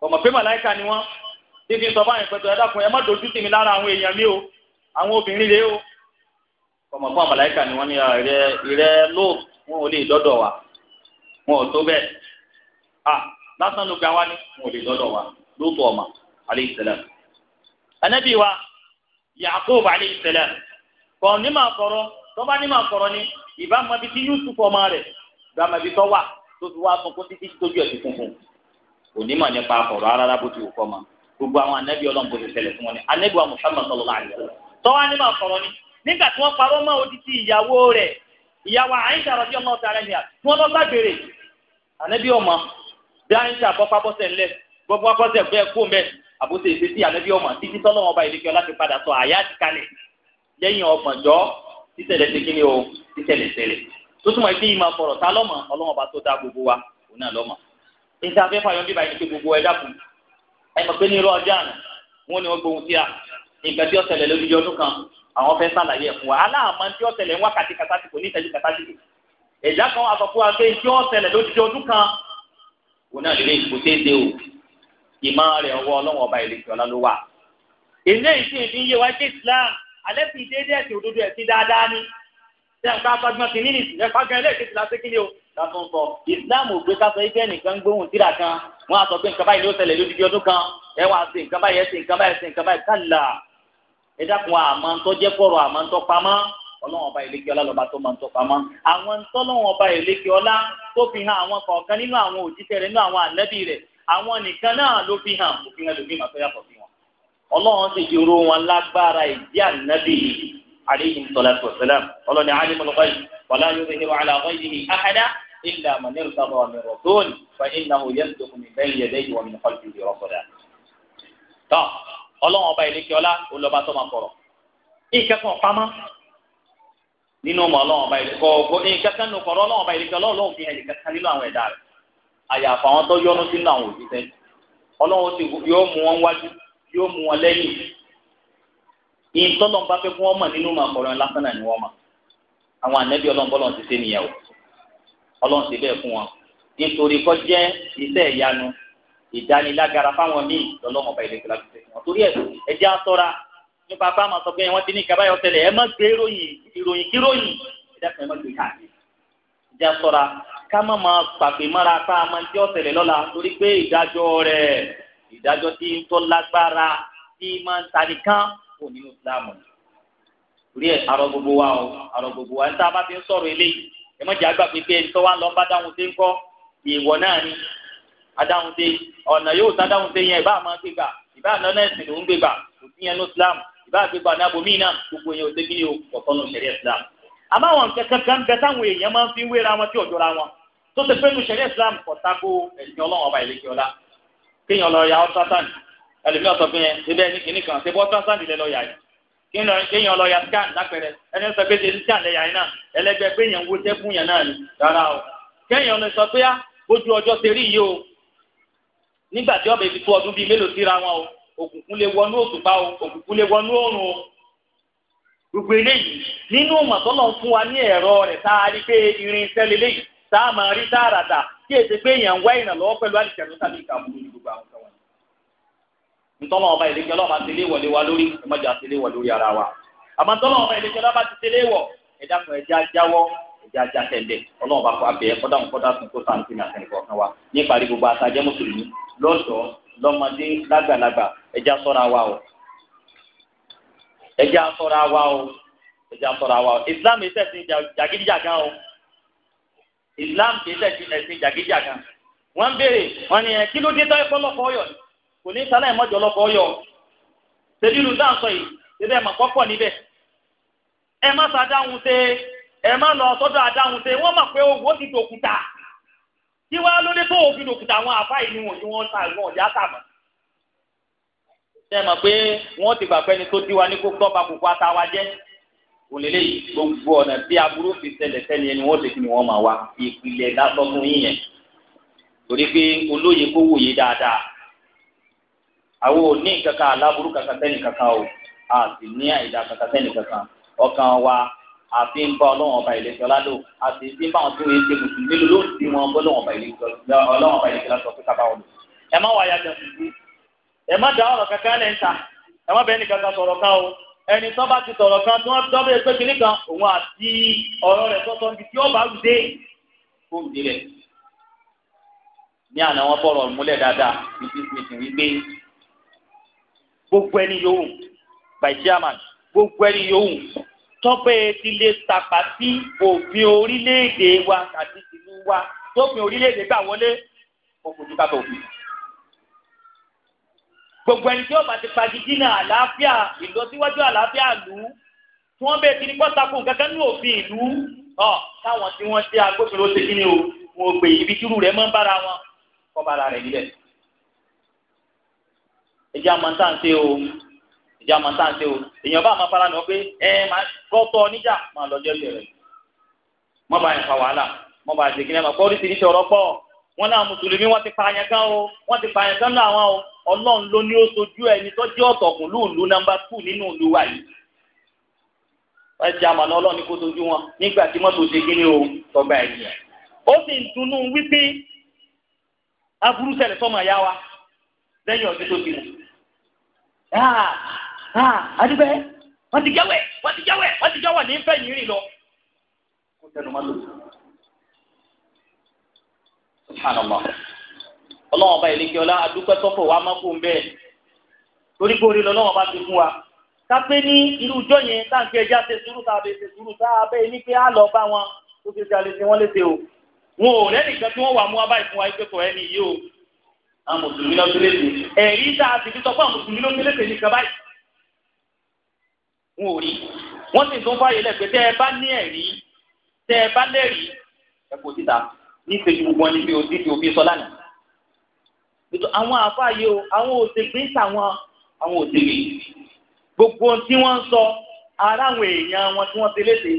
ọmọ pé màláìka ni wọn títí sọ fáwọn ìpẹtọ ẹ dákun ẹ má dojú tì mí lára àwọn èèyàn mi o àwọn obìnrin rèé o ọmọ fún màláìka ni wọn ní ìrẹ ìrẹ ló wọn ò lè dọdọ wa wọn ò tó bẹ́ẹ̀ ah lásán ló gba wa ni wọn ò lè dọdọ wa Lútù ọmọ alayhi salam ànábì wa Yaqub alayhi salam kò ní máa kọ̀rọ̀ tó ní máa kọ̀rọ̀ ni ìbá mọ ibi tí Yusuf ọmọ rẹ̀ ìbá mọ ibi tó wà tó ti wá sọ kó títí tójú ẹ̀ ti funfun kò ní nípa kọ̀rọ̀ rárá bó ti wù kọ́ gbogbo àwọn anabi ọlọ́run ti tẹ̀lé fún wọn ni anabi wa Muhammad sallallahu alaihi wasallam tó ní máa kọ̀rọ̀ ni nígbà tí wọ́n parọ́ mọ́ odidi ìyàwó rẹ̀ ìyàwó àyíṣà rọ̀bí ọmọ ọ̀tá rẹ̀ nìyà tí wọ́n lọ bá béèrè ànábì ọmọ bí àyíṣà bọ́pá bọ́pá bọ́sẹ̀ bẹ́ẹ̀ lẹ́yìn ọgbọ̀njọ́ títẹ̀lẹ̀ ṣe kíni o títẹ̀lẹ̀ tẹ̀lẹ̀ tó túmọ̀ ẹbí yìí máa fọ̀rọ̀ ta lọ́mọ ọlọ́mọba tó dá gbogbo wa òun náà lọ́mọ. níta fẹ́ fàyọ bíbá yìí pé gbogbo ẹ dákun ẹ mọ̀ pé ní irú ọjà àná wọn ni wọn gbóhùn sí a nǹkan tí ó ṣẹlẹ̀ lórí ọdún kan àwọn fẹ́ sàlàyé ẹ̀ fún wa aláàmọ́ tí ó ṣẹlẹ̀ ń wákàtí kàtàkì kò ní ìtẹ́jú kàtàkì ẹ̀dá kan wà sọ fún wa o ìmọ̀ rẹ̀ ọwọ́ ọlọ́wọ́ ọba ìrètí ọ̀la ló wà. eléyìí sì alẹ́ sì déédé ẹ̀sìn òdodo ẹ̀sìn dáadáa ni ṣé nǹkan afagbọ́n kìíní ni ẹ̀fà gan ẹlẹ́ẹ̀kejì láti kí ni o láti ń bọ̀ ìsìláàmù ò gbé ká sọ ife nìkan gbóhùn síra kan wọ́n á sọ pé nǹkan báyìí ló ṣẹlẹ̀ lódìdí ọdún kan ẹ wá sí nǹkan báyìí ẹ sí nǹkan báyìí ẹ sí nǹkan báyìí kálá ẹ dákun àmọ́ ń tọ́jẹ́ kọ̀rọ̀ àmọ́ ń tọ́pamọ́ ọlọ́wọ́n ọba ìlékè ọlá lọ́ba tó máa ń tọ́pa mọ́ àwọn tọ́lọ́wọ́n ọba ìlékè ọlá tó fi hàn àwọn kọ̀ọ̀kan nínú àwọn òjíṣẹ́ rẹ̀ nínú àwọn ànábì rẹ̀ àwọn nìkan náà ló fi hàn òfin ẹlòmíì máa yàtọ̀ sí wọn ọlọ́run sì ti ro wọn lágbára ìdí ànábì àríyìn sọlátù ọ̀sẹ̀lẹ̀m ọlọ́ni alimọ̀lọ́kọ́yì wàlá yóò fi wàhálà ọ̀gbọ́yì ní àhádá ilà mọ̀nẹ́rù sábà wà mẹ́rọ̀ tóòní fa iná wò yẹn tó kùnì bẹ́ẹ̀ yẹ lẹ́yìn wọn ní kọ́lù ìrọ̀ sọ̀dá. tọ́ ọlọ́run ọba ìlú kíọ́lá olọba tó máa kọ̀rọ̀ ìkẹ́kọ̀ọ́ pamọ́ nínú ọmọ ọlọ́run ọba ìlú yóò mú wọn lẹ́yìn yìí tọ́lọ̀ ń bá fẹ́ mọ̀ nínú màá kọ̀ọ̀rọ̀ lásán náà ni wọ́n mọ̀ àwọn ànẹ́bí ọlọ́ọ̀bọ́lọ́ ti ṣe nìyẹn o ọlọ́run ti bẹ́ẹ̀ fún wọn nítorí kọ́ jẹ́ iṣẹ́ ìyanu ìdánilágara fáwọn míì lọ́lọ́mọ ọba ìlẹ́kẹ̀lá ti ṣe fún wọn torí ẹ̀jẹ̀ àtọ́ra nípa bá máa sọ pé wọ́n ti ní ìkàbá yọ tẹ́lẹ̀ má gbé ìròyìn ìròyìn kí ìdájọ́ tí ń tọ́ lágbára tí máa ń tani kán kò nínú ìsìlámù rí ẹ àrọ gbogbo wa o àrọ gbogbo wa níta bá ti ń sọ̀rọ̀ eléyìí ẹ má jẹ́ àgbà pé pé ẹni tó wá ń lọ bá dáhùn sí ń kọ́ ìwọ náà ni adáhùn sí ọ̀nà yóò tá dáhùn sí yẹn ìbá àmọ́ gbégbà ìbá àná náà sì ló ń gbégbà kò sí yẹn ní islam ìbá àgbégbà náà bomi náà gbogbo yẹn ò débi ní ọ̀tọ́ nù sẹ̀rí islam. àmọ́ àwọn kankan kan bẹ táwọn èèyàn máa ń fi wéra wọn tí òjòra wọn tó ti fẹ́ nu sẹ̀rí islam kọ̀ tako ẹ̀sìn ọlọ́run kéèyàn lọ ya ultrasound ẹlòmíì ọ̀sọ̀ fún yẹn ibẹ̀ ní kìnnì kan ṣe bọ́ ultrasound lẹ lọ yà yìí kéèyàn lọ ya scan lápẹrẹ ẹni sọ pé ṣe scan lẹ yà yìí náà ẹlẹgbẹ pé yẹn ń wo sẹ́fún yẹn náà ni rárá o kéèyàn lọ sọ pé á bójú ọjọ́ ṣe rí yìí o nígbà tí ọbẹ̀ fi tó ọdún bíi mélòó síra wọn o òkùnkùn lè wọnú òṣùpá o òkùnkùn lè wọnú òrùn o gbogbo eléyìí nínú mọ̀tọ́lọ́ fún wa ní ẹ̀rọ rẹ̀ tá a rí pé irin sẹ́lẹ̀ léyìí tá a máa rí tààràtà kí èsì pé èèyàn ń wá ìrànlọ́wọ́ pẹ̀lú àlìjẹ̀nu tàbí ìka àbúrò ní gbogbo àwọn ìkàwọn. ntọ́nà ọba ìlẹ́jọ́ ọlọ́run bá ti lé wọlé wa lórí ìmọ̀jà ti lé wọ lórí ara wa. àmọ́ ntọ́nà ọba ìlẹ́jọ́ ọlọ́run bá ti ti lé wọ ẹ̀dá kan ẹ̀já jáwọ́ ẹ̀já já tẹ̀lé ọlọ́run bá kọ abẹ́ kọ́dà kọ́dà tún kó sáà ń tìǹà sẹ́ni kọ̀ọ̀kan wa Islam kì í ṣẹ̀sìn ẹ̀sìn jàgíjàgà wọ́n ń béèrè wọ́n ní ẹ kí ló dé tó ẹ̀kọ́ lọ́kọ̀ ọ̀yọ́ kò ní sálẹ̀ mọ́jọ lọ́kọ̀ ọ̀yọ́ ṣèbí ìlú dáńsọ yìí ṣèbí ẹ̀ mà kọ́kọ́ níbẹ̀ ẹ má sa dáhùn ṣe ẹ má lọ sọ́dọ̀ àdáhùn ṣe wọ́n mọ̀ pé owó ti dòkúta kí wàá lóde tó òfin dòkúta àwọn àfa yìí ni wọ́n ti wọ́n ta àwọn ọ̀já tà mọ́ ṣe mọ̀ pé wọ́n ti gbàgbẹ́ni tó díwa ní kó tọ́ òlélẹ́ yìí gbogbo ọ̀nà tí aburú fi ṣẹlẹ̀ sẹ́ni ẹni wọ́n ṣe kí ni wọ́n máa wá ìpìlẹ̀ lásán fún yín yẹn torí pé olóye kó wòye dáadáa àwọn ò ní kankan aláburú kankan sẹ́ni kankan o a sì ní àìdá kankan sẹ́ni kankan ọkàn wa àfi ń bá ọlọ́wọ́n ọba ìlẹ́sẹ̀ ọlálò àti ti ń bá wọn tó yẹ ṣe mùsùlùmí ló ló ti wọn bọ́ ọlọ́wọ́n ọba ìlẹ́sẹ̀ lọ́sọ̀ pé kábàá wọn. ẹ má wáyà jẹ ẹ má dá ẹni tó bá ti sọ̀rọ̀ kan tí wọ́n dọ́bẹ̀ pé kiri kan òun àti ọ̀rọ̀ rẹ̀ sọ́sọ́ níbi tí ó bá rù dé kó rù délẹ̀. ní àná wọn fọ̀rọ̀ múlẹ̀ dáadáa ní bí smith rí gbé gbogbo ẹni yòówù by chairman gbogbo ẹni yòówù tọ́pẹ́ ti lè tàpá sí òfin orílẹ̀-èdè wa àti ìlú wa tófin orílẹ̀-èdè gbà wọlé ó kojú ká tó fi gbogbo ẹni tí ó bá ti pagidínà àlàáfíà ìlọsíwájú àlàáfíà lù ú tí wọ́n bẹ̀rẹ̀ kí ní pọ́sàkùn kankan ní òfin ìlú ọ̀ táwọn tí wọ́n ṣe agbófinró ṣe kí o wọn ò pè ibi tírú rẹ̀ máa ń bára wọn kọ́ bára rẹ̀ nílẹ̀. ìjà máa ń tà ṣe o ìjà máa ń tà ṣe o èèyàn bá máa fara nà pé ẹ máa kọ́tọ̀ níjà máa lọ jẹ́rìí rẹ̀ mọ́ bá yẹn fa wàhálà mọ́ bá yẹn ṣe kí ẹ máa kọ́ oríṣiríṣi ọ̀rọ̀ pọ̀ wọ́n náà mùsùlùmí wọ́n ti pààyàn kan o wọ́n ti pààyàn kan náà àwọn o ọlọ́run ló ní ó sojú ẹni tó jẹ́ ọ̀tọ̀kùn lóòlù nọ́mbà tù nínú ìlú wa yìí wọ́n ti àmọ̀ náà ọlọ́run ní kó sojú wọn nígbà tí mọ́tò ṣe kí ni o tọgbà ẹ̀yìn ó sì ń dunnú wípé aburú ṣẹlẹ̀ sọ́mọ ìyá wa lẹ́yìn ọdún tó ti mú ah, ah, adúgbẹ́ wọ́n ti jẹ́wẹ́ wọ́n ti jẹ́wẹ́ wọ́n ti jẹ́wọ́ ní fẹ̀yìn rìn lọ kó tẹnu mọ́tò subhanallah ọlọ́wọ́n ọba ìlẹ́kẹ́ ọlá adúpẹ́ tọ́pọ̀ wa má fún bẹ́ẹ̀ torí pé orí lọ́wọ́n ọba ti fún wa kápẹ́ ní irú ìjọ yẹn táǹkì ẹja ṣe sùúrù tá a bẹ ṣe sùúrù tá a bẹ ní pé á lọ bá wọn ó ṣe ṣe alẹ́ ṣe wọ́n léṣe o wọn ò lẹ́nìkan tí wọ́n wà mú abáyé fún wa ẹgbẹ́ kọ̀ ẹni yìí o àwọn mùsùlùmí ló ti léṣe ẹ̀rí tá a sì fi sọ mùsùlùmí ló ti léṣe ní báyìí wọn ò rí wọ́n sì tún fàyè lẹ́gbẹ̀ẹ́ tẹ́ ẹ bá ní ẹ̀rí tẹ́ ẹ bá lẹ́rìí ẹ kò síta ní ìṣèjú gbogbo ní bí o ti fi òbí sọ lánàá àwọn àfáàyè o àwọn òṣègbè ń tàwọn àwọn òṣègbè gbogbo tí wọ́n ń sọ ara àwọn èèyàn wọn tí wọ́n ti léṣe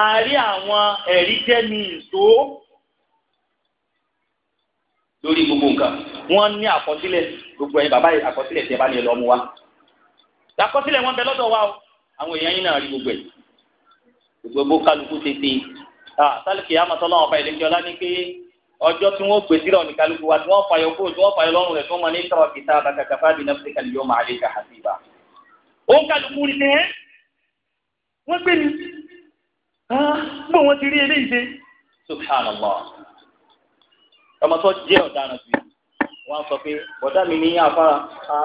àárí àwọn ẹ̀rí jẹ́ ní ìṣó lórí gbogbo nǹkan wọ́n ní àkọsílẹ̀ gbogbo ẹ̀yin bàbá àkọsílẹ̀ tí ẹ bá ní ẹ lọ mú wa àkọsílẹ̀ wọn bẹ lọ́dọ̀ wa o àwọn èèyàn yín náà rí gbogbo ẹ̀ gbogbo kálukú tètè àtàlùkì àmọtọlọwọn ọba ìlẹjọ ọlá ní pé ọjọ́ tí wọ́n pè síra òní kálukú wa tí wọ́n fàyọ kúrò tí wọ́n fàyọ lọ́rùn rẹ̀ tí wọ́n mọ ní sọ̀rọ̀ kìtà àbàkàkà fábì náà ṣe kàlíyọ́ máa lè ka hasiba. ó ń kálukú ni ẹ́ wọ́n gbé mi bó wọ́n ti rí eléyìí ṣe. subhanallah ọmọ tó jẹ́ ọ̀daràn sí wọ́n sọ pé bọ̀dá mi ní afárá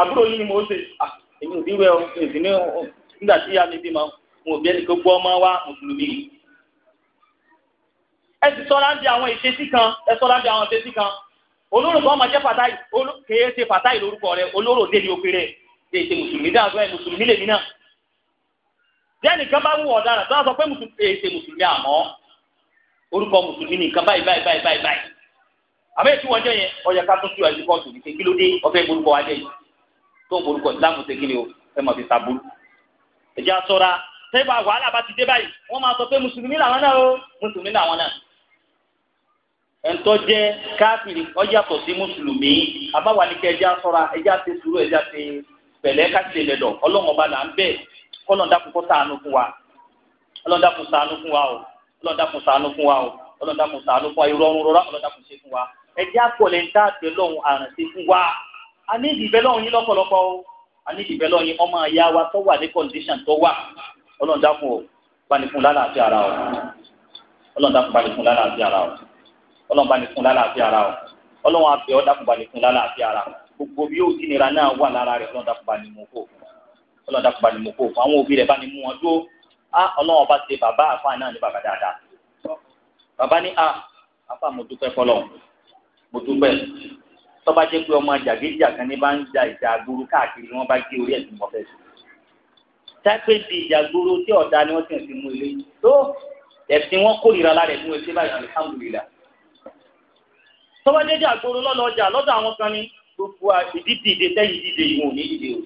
àbúrò yìí ni mo ṣe èmi ò bí wẹ́ ọ nígbà tí ìyá mi bímọ mo bí ẹnì ẹ sì sọ́ra ń di àwọn ìṣesí kan ẹ sọ́ra ń di àwọn ìṣesí kan olóró kan máa jẹ́ fàtáì kèé ṣe fàtáì lórúkọ rẹ olóró dé ní òkèrè dé ṣe mùsùlùmí dáhùn ẹ mùsùlùmí lèmi náà jẹ́ni kan bá wù ọ̀daràn tó wá sọ pé mùsùlùmí èé ṣe mùsùlùmí àmọ́ orúkọ mùsùlùmí nìkan báyìí báyìí báyìí báyìí báyìí àbẹ́ tí wọ́n jẹ́ yẹn ọ̀yà ká tún sí ọ̀yà ìdíkọ́ ṣe kí ni o ẹ mọ̀ fi sàbúrú ẹ̀jẹ̀ aṣọra tẹ́gbà wàhálà bá ti dé báyìí wọ́n máa sọ pé mùsùlùmí ẹ̀ńtọ́ jẹ́ káfíìrì ọ̀yàtọ̀ sí mùsùlùmí a ẹja sọ́ra ẹja ṣe sùúrù ẹja ṣe pẹ̀lẹ́ káṣíṣe lẹ̀dọ̀ ọlọ́run là ń bẹ̀ kọ́lọ́ndàkùn kọ́ fún wa ọlọ́ndàkùn ṣàánú fún wa o ọlọ́ndàkùn ṣàánú fún wa o ọlọ́ndàkùn ṣàánú fún wa ìrọ̀rùn rọra ọlọ́ndàkùn ṣe fún wa ẹja ń dá àrùn fún wa a ní ìdìbẹ́ yín o a ní ìdìbẹ́ yín wa ọlọ́run bá ní fún lálàáfíà ara o ọlọ́run àfẹ́ ọ́ dàkùnbà ní fún lálàáfíà ara gbogbo bí yóò dínira náà wà lára rẹ̀ ọlọ́run dàkùnbà ní mú kó ọlọ́run dàkùnbà ní mú kó fún àwọn òbí rẹ̀ bá ní mú wọn dúró á ọlọ́run ọba ṣe bàbá àfa náà ní bàbá dáadáa bàbá ní a àfa mo dúpẹ́ fọlọ́ mo dúpẹ́ tọ́ba jẹ́ pé ọmọ jàgídíjàgan ní bá ń ja ìjà agbóró káàkiri wọ́n bá gé orí ẹ̀sìn mọ́fẹ́ sí tápé di ìjà tí ọ̀dà ni wọ́n ti ń fi mú ilé tó ẹ̀sìn wọn kórìíra lára ẹ̀ mú báyìí alihamudulilayi tó bá dédé àgbòrò lọ́lọ́ ọjà lọ́dọ̀ àwọn kan ní gbogbo ìdíje ìdè tẹ́yìn ìdíje yìí ò ní dìde o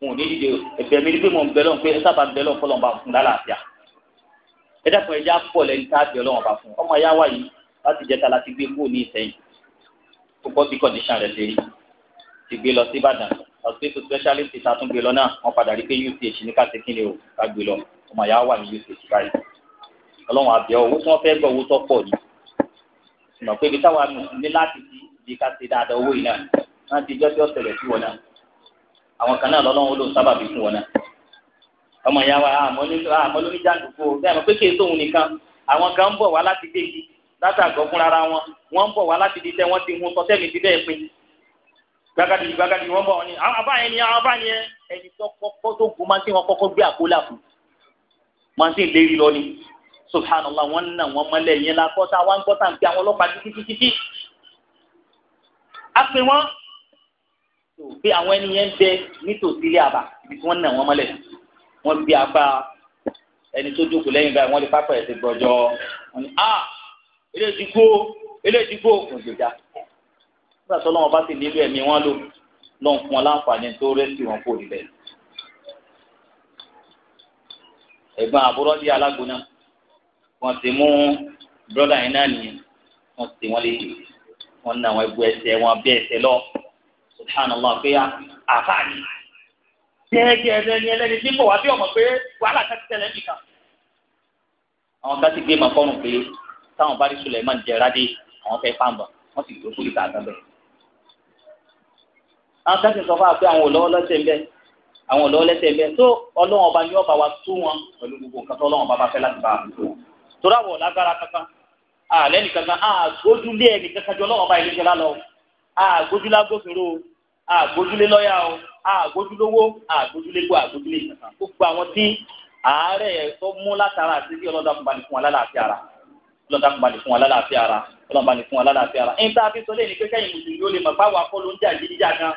wọn ò ní dìde o ẹ̀bẹ̀ mi ni pé mo ń bẹ lọ́n pé ẹ sábà ń bẹ lọ́n fọlọ́n bá fún lálàáfíà ẹ dẹ́kun ẹ̀jẹ̀ àpọ̀ lẹ́yìn tá a bẹ lọ́wọ́n bá fún ọmọ ìyá wa yìí láti jẹta láti gbé kúrò ní Ìsẹ́yìn gbogbo bí kọ́ndíṣàn rẹ̀ ṣe rí ti gbé lọ sí Ìbàdàn hospital specialist ta tún gbé lọ náà wọ́n padà rí pé UCH o ká gbé lọ ọmọ ìyá wa ní UCH báyìí ọlọ́run àbẹ̀ owó tí wọ́n fẹ́ gbọ́ owó tó pọ̀ ni sùmọ̀ pé ibi táwa mùsùlùmí láti di ibi ká ṣe dáadáa owó yìí náà wọ́n ti jọ́ sí ọ̀sẹ̀lẹ̀ sí wọn náà àwọn kan náà lọ́lọ́run olóhùn sábà bí fún wọn náà ọmọ ìyá wa àmọ́ lórí jàǹdùkú bẹ́ẹ̀ mọ̀ pé kí èso òun nìkan àwọn kan ń bọ̀ wá láti débi látàgọ́ fúnra ra wọn wọ́n ń bọ̀ wá láti di tẹ́ wọ́n ti hun sọ́tẹ́mi ti bẹ́ẹ̀ pin gbagadi gbagadi wọ́n bọ̀ wọn ni àwọn abáyé ni àwọn abáyé ẹni tó kọ́kọ́ tó gun máa ń tí wọ́n kọ́kọ́ gbé àkólà fún máa ń tí ì lérí lọ ni subhanallah wọn nà wọn mọ́lẹ̀ yẹn la kọta wọn kọta ń pe àwọn ọlọ́pàá títítítí a pè wọn pé àwọn ẹni yẹn ń bẹ nítòsí ilé àbá ibi tí wọn nà wọn mọ́lẹ̀ wọn bí apá ẹni tó jókòó lẹ́yìn báyìí wọn lè pápá ẹsẹ̀ gbọ́jọ́ wọn ni ah eléyìí gbó eléyìí gbó kò gbèjà nígbà tó lọ́wọ́ bá sì nílò ẹ̀mí wọn lò lọ́n fún wọn láǹfààní tó rẹ́sì wọn kò níbẹ̀. ẹ̀gbọ́n àbúrò di alágbóná wọ́n ti mú brọ́dà yẹn náà nìyẹn wọ́n ti wọ́n lé wọ́n nà wọ́n bu ẹsẹ̀ wọ́n bẹ́ ẹsẹ̀ lọ subhanallah pé àfààní gẹ́gẹ́ ẹlẹ́ni ẹlẹ́ni tí kò wá bí ọmọ pé wàhálà ká ti tẹ̀lé nìkan. àwọn ká ti gbé màá fọ́nrún pé táwọn bá rí sulẹ̀ máa ń jẹ rádé àwọn fẹ́ pàǹbà wọ́n sì tó fúlùkà àtàbẹ̀. àwọn ká ti sọ fún wa pé àwọn ò lọ́wọ́ lọ́sẹ̀ ń bẹ́ àwọn ò lọ́wọ́ lẹ́sẹ̀ ń bẹ́ tó ọlọ́wọ́n ọba ni ọba wa tú wọn pẹ̀lú gbogbo nǹkan tó ọlọ́wọ́n ọba bá fẹ́ láti bá a tó wọn torí àwọ̀ lágbára kankan àlẹ́ nìkankan àgbójúlé ẹnìkankan jọ lọ́wọ́ ọba ìlẹ́sẹ̀lá lọ àgbójúlé agbófinró àgbójúlé lọ́yà o a àgbójúlówó àgbójúlé gbó àgbójúlé ìkankan gbogbo àwọn tí àárẹ̀ tó mú látara àti tí ọlọ́dà kùn balẹ̀ fún wa lálàáfíà ara ọlọ́dà kùn balẹ̀ fún wa lálàáfíà ara ọlọ́dà balẹ̀ fún wa lálàáfíà ara ẹni tá a fi sọ lẹ́yìn kékeré mùsùlùmí ó lè mọ̀ báwa kọ́ ló ń jà jíjà gan.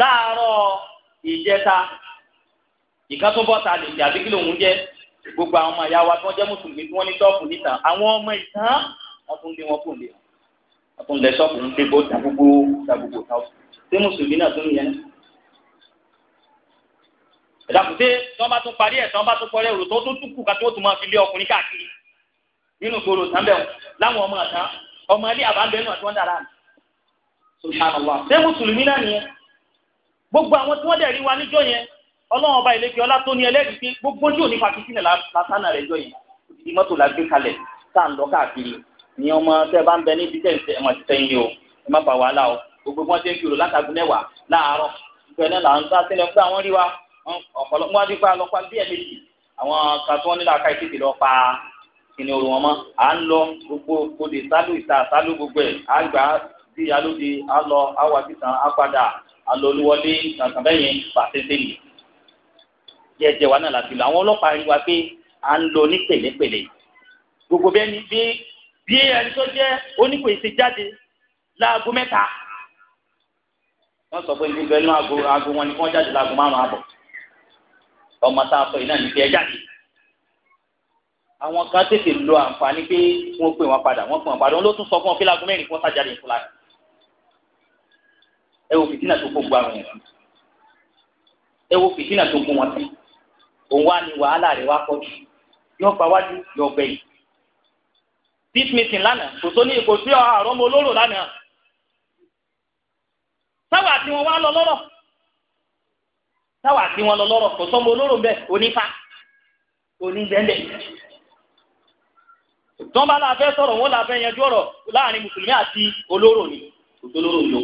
láàárọ̀ ìjẹta ìkàtúbọ̀ta lè jà bí kí lòun jẹ́ gbogbo àwọn ọmọ ìyá wa tí wọ́n jẹ́ mùsùlùmí tí wọ́n ní ṣọ́ọ̀bù níta àwọn ọmọ ìtàn wọ́n tún lé wọn kò lè wọ́n tún lẹ ṣọ́ọ̀bù ń dé bó ta gbogbo ta gbogbo ta ó ṣé mùsùlùmí náà tún yẹn. ìdàkùté tí wọ́n bá tún parí ẹ̀ tí wọ́n bá tún pọ́lẹ́ òrò tó tún tún kù ká tó tún máa fi lé ọkùnrin káàkiri nínú ìgboro sáńbẹ̀ láwọn ọmọ àtàn ọmọ ilé àbábẹ́ náà tí wọ́n dára ọlọ́run ọba ìlẹ́kì ọlá tó ní ẹlẹ́rìí pé gbogbo tí ò ní fakitì náà lásánà rẹ̀ jọ yìí ìdí mọ́tò la gbé kalẹ̀ tá à ń lọ káàkiri ní ọmọ tẹ́ bá ń bẹ níbi tẹ̀sẹ̀ ẹ̀wọ̀n ti sẹ́yìn o ẹ má fa wàhálà o gbogbo wọn ti ń kiri látàgùn mẹ́wàá láàárọ̀ ìgbẹ́ náà là ń sá sílẹ̀ fún àwọn rí wa ọ̀pọ̀lọpọ̀ wọn dípa lọ́pàá díẹ̀ méjì àwọn kan tí wọ́n nílò àká ìtìtì lọ pa kìnì òru wọn mọ́ à ń lọ gbogbo kòdì sálù ìta sálù gbogbo ẹ̀ á gbà á sí alóde á lọ á wà sísan á padà á lọ olúwọlé kàkàbẹ́yìn pàṣẹ sẹ́yìn jẹ́jẹ́ wa náà la fi lọ àwọn ọlọ́pàá rí wa pé à ń lọ ní pẹ̀lẹ́pẹ̀lẹ́ gbogbo bẹ́ẹ̀ ni bí bí ẹni tó jẹ́ oníkòyèsè jáde láago mẹ́ta wọ́n sọ pé ibi bẹ́ẹ̀ náà aago aago wọn ni wọ́n jáde láago márùn-ún àbọ̀ ọmọ tá a sọ yìí náà ní fi ẹ jáde àwọn kan tètè lo àǹfààní pé wọ́n pè wọ́n padà wọ́n pè wọ́n padà wọ́n ló tún sọ fún wọn pé láago mẹ́rin kí wọ́n sájáde fúnra ẹ wo fìtínà tó kó gbogbo ẹ wo fìtínà tó kó wọn sí òun wá ní wàhálà rẹ̀ wá pọ̀ jù yóò gba wájú yóò gbẹ̀yìn. this meeting lánàá kò tó ní kò sí àrọ́ ọmọ olóró lánàá táwa tí wọn wá lọ lọ́rọ̀ táwa tí wọn lọ lọ́rọ̀ kò sọ́mọ olóró bẹ́ẹ̀ onífa oníbẹ̀ẹ́bẹ̀ tọ́ba la fẹ́ sọ̀rọ̀ wọn la fẹ́ yanjú ọ̀rọ̀ láàrin mùsùlùmí àti olóró ni òtólóró ni o.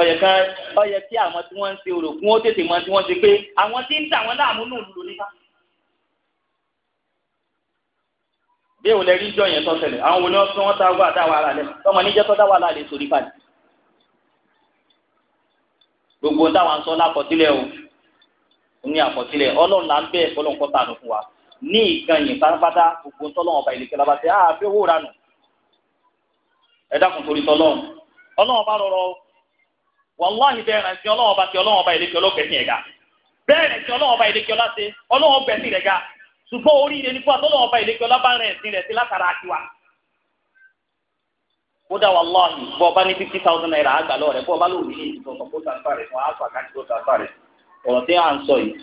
ọyẹ kan ọyẹ tí àwọn tí wọ́n ń ṣe orògùn ó tètè mọ tí wọ́n ti pé àwọn tí ń tà wọn láàmú náà lò nípa. bí èwo lẹ rí ìjọ yẹn tó àwọn wo ni wọ́n tún wọn táwọn àdá tọmọ níjẹ tó dá sórí gbogbo táwọn sọ o ní àkọsílẹ̀ Ọlọ́run là ń bẹ wa ní ìkànnì pátápátá gbogbo tọlọ́run ọba wa bẹ́ẹ̀ rẹ̀ sí ọlọ́wọ́ bá ti ọlọ́wọ́ bá ìlékè ọlọ́kẹ́ sí bẹ́ẹ̀ rẹ̀ bá ọlá ṣe ọlọ́wọ́ nípa tọ́lọ́wọ́ bá ọlá bá rẹ̀ rẹ̀ látara bọ́ ọba ní fifty thousand naira àgbà lọ rẹ̀ bọ́ ọba lórí ilé ìtọ́sọ̀ fún káàkiri ọ̀rọ̀ tí à ń sọ yìí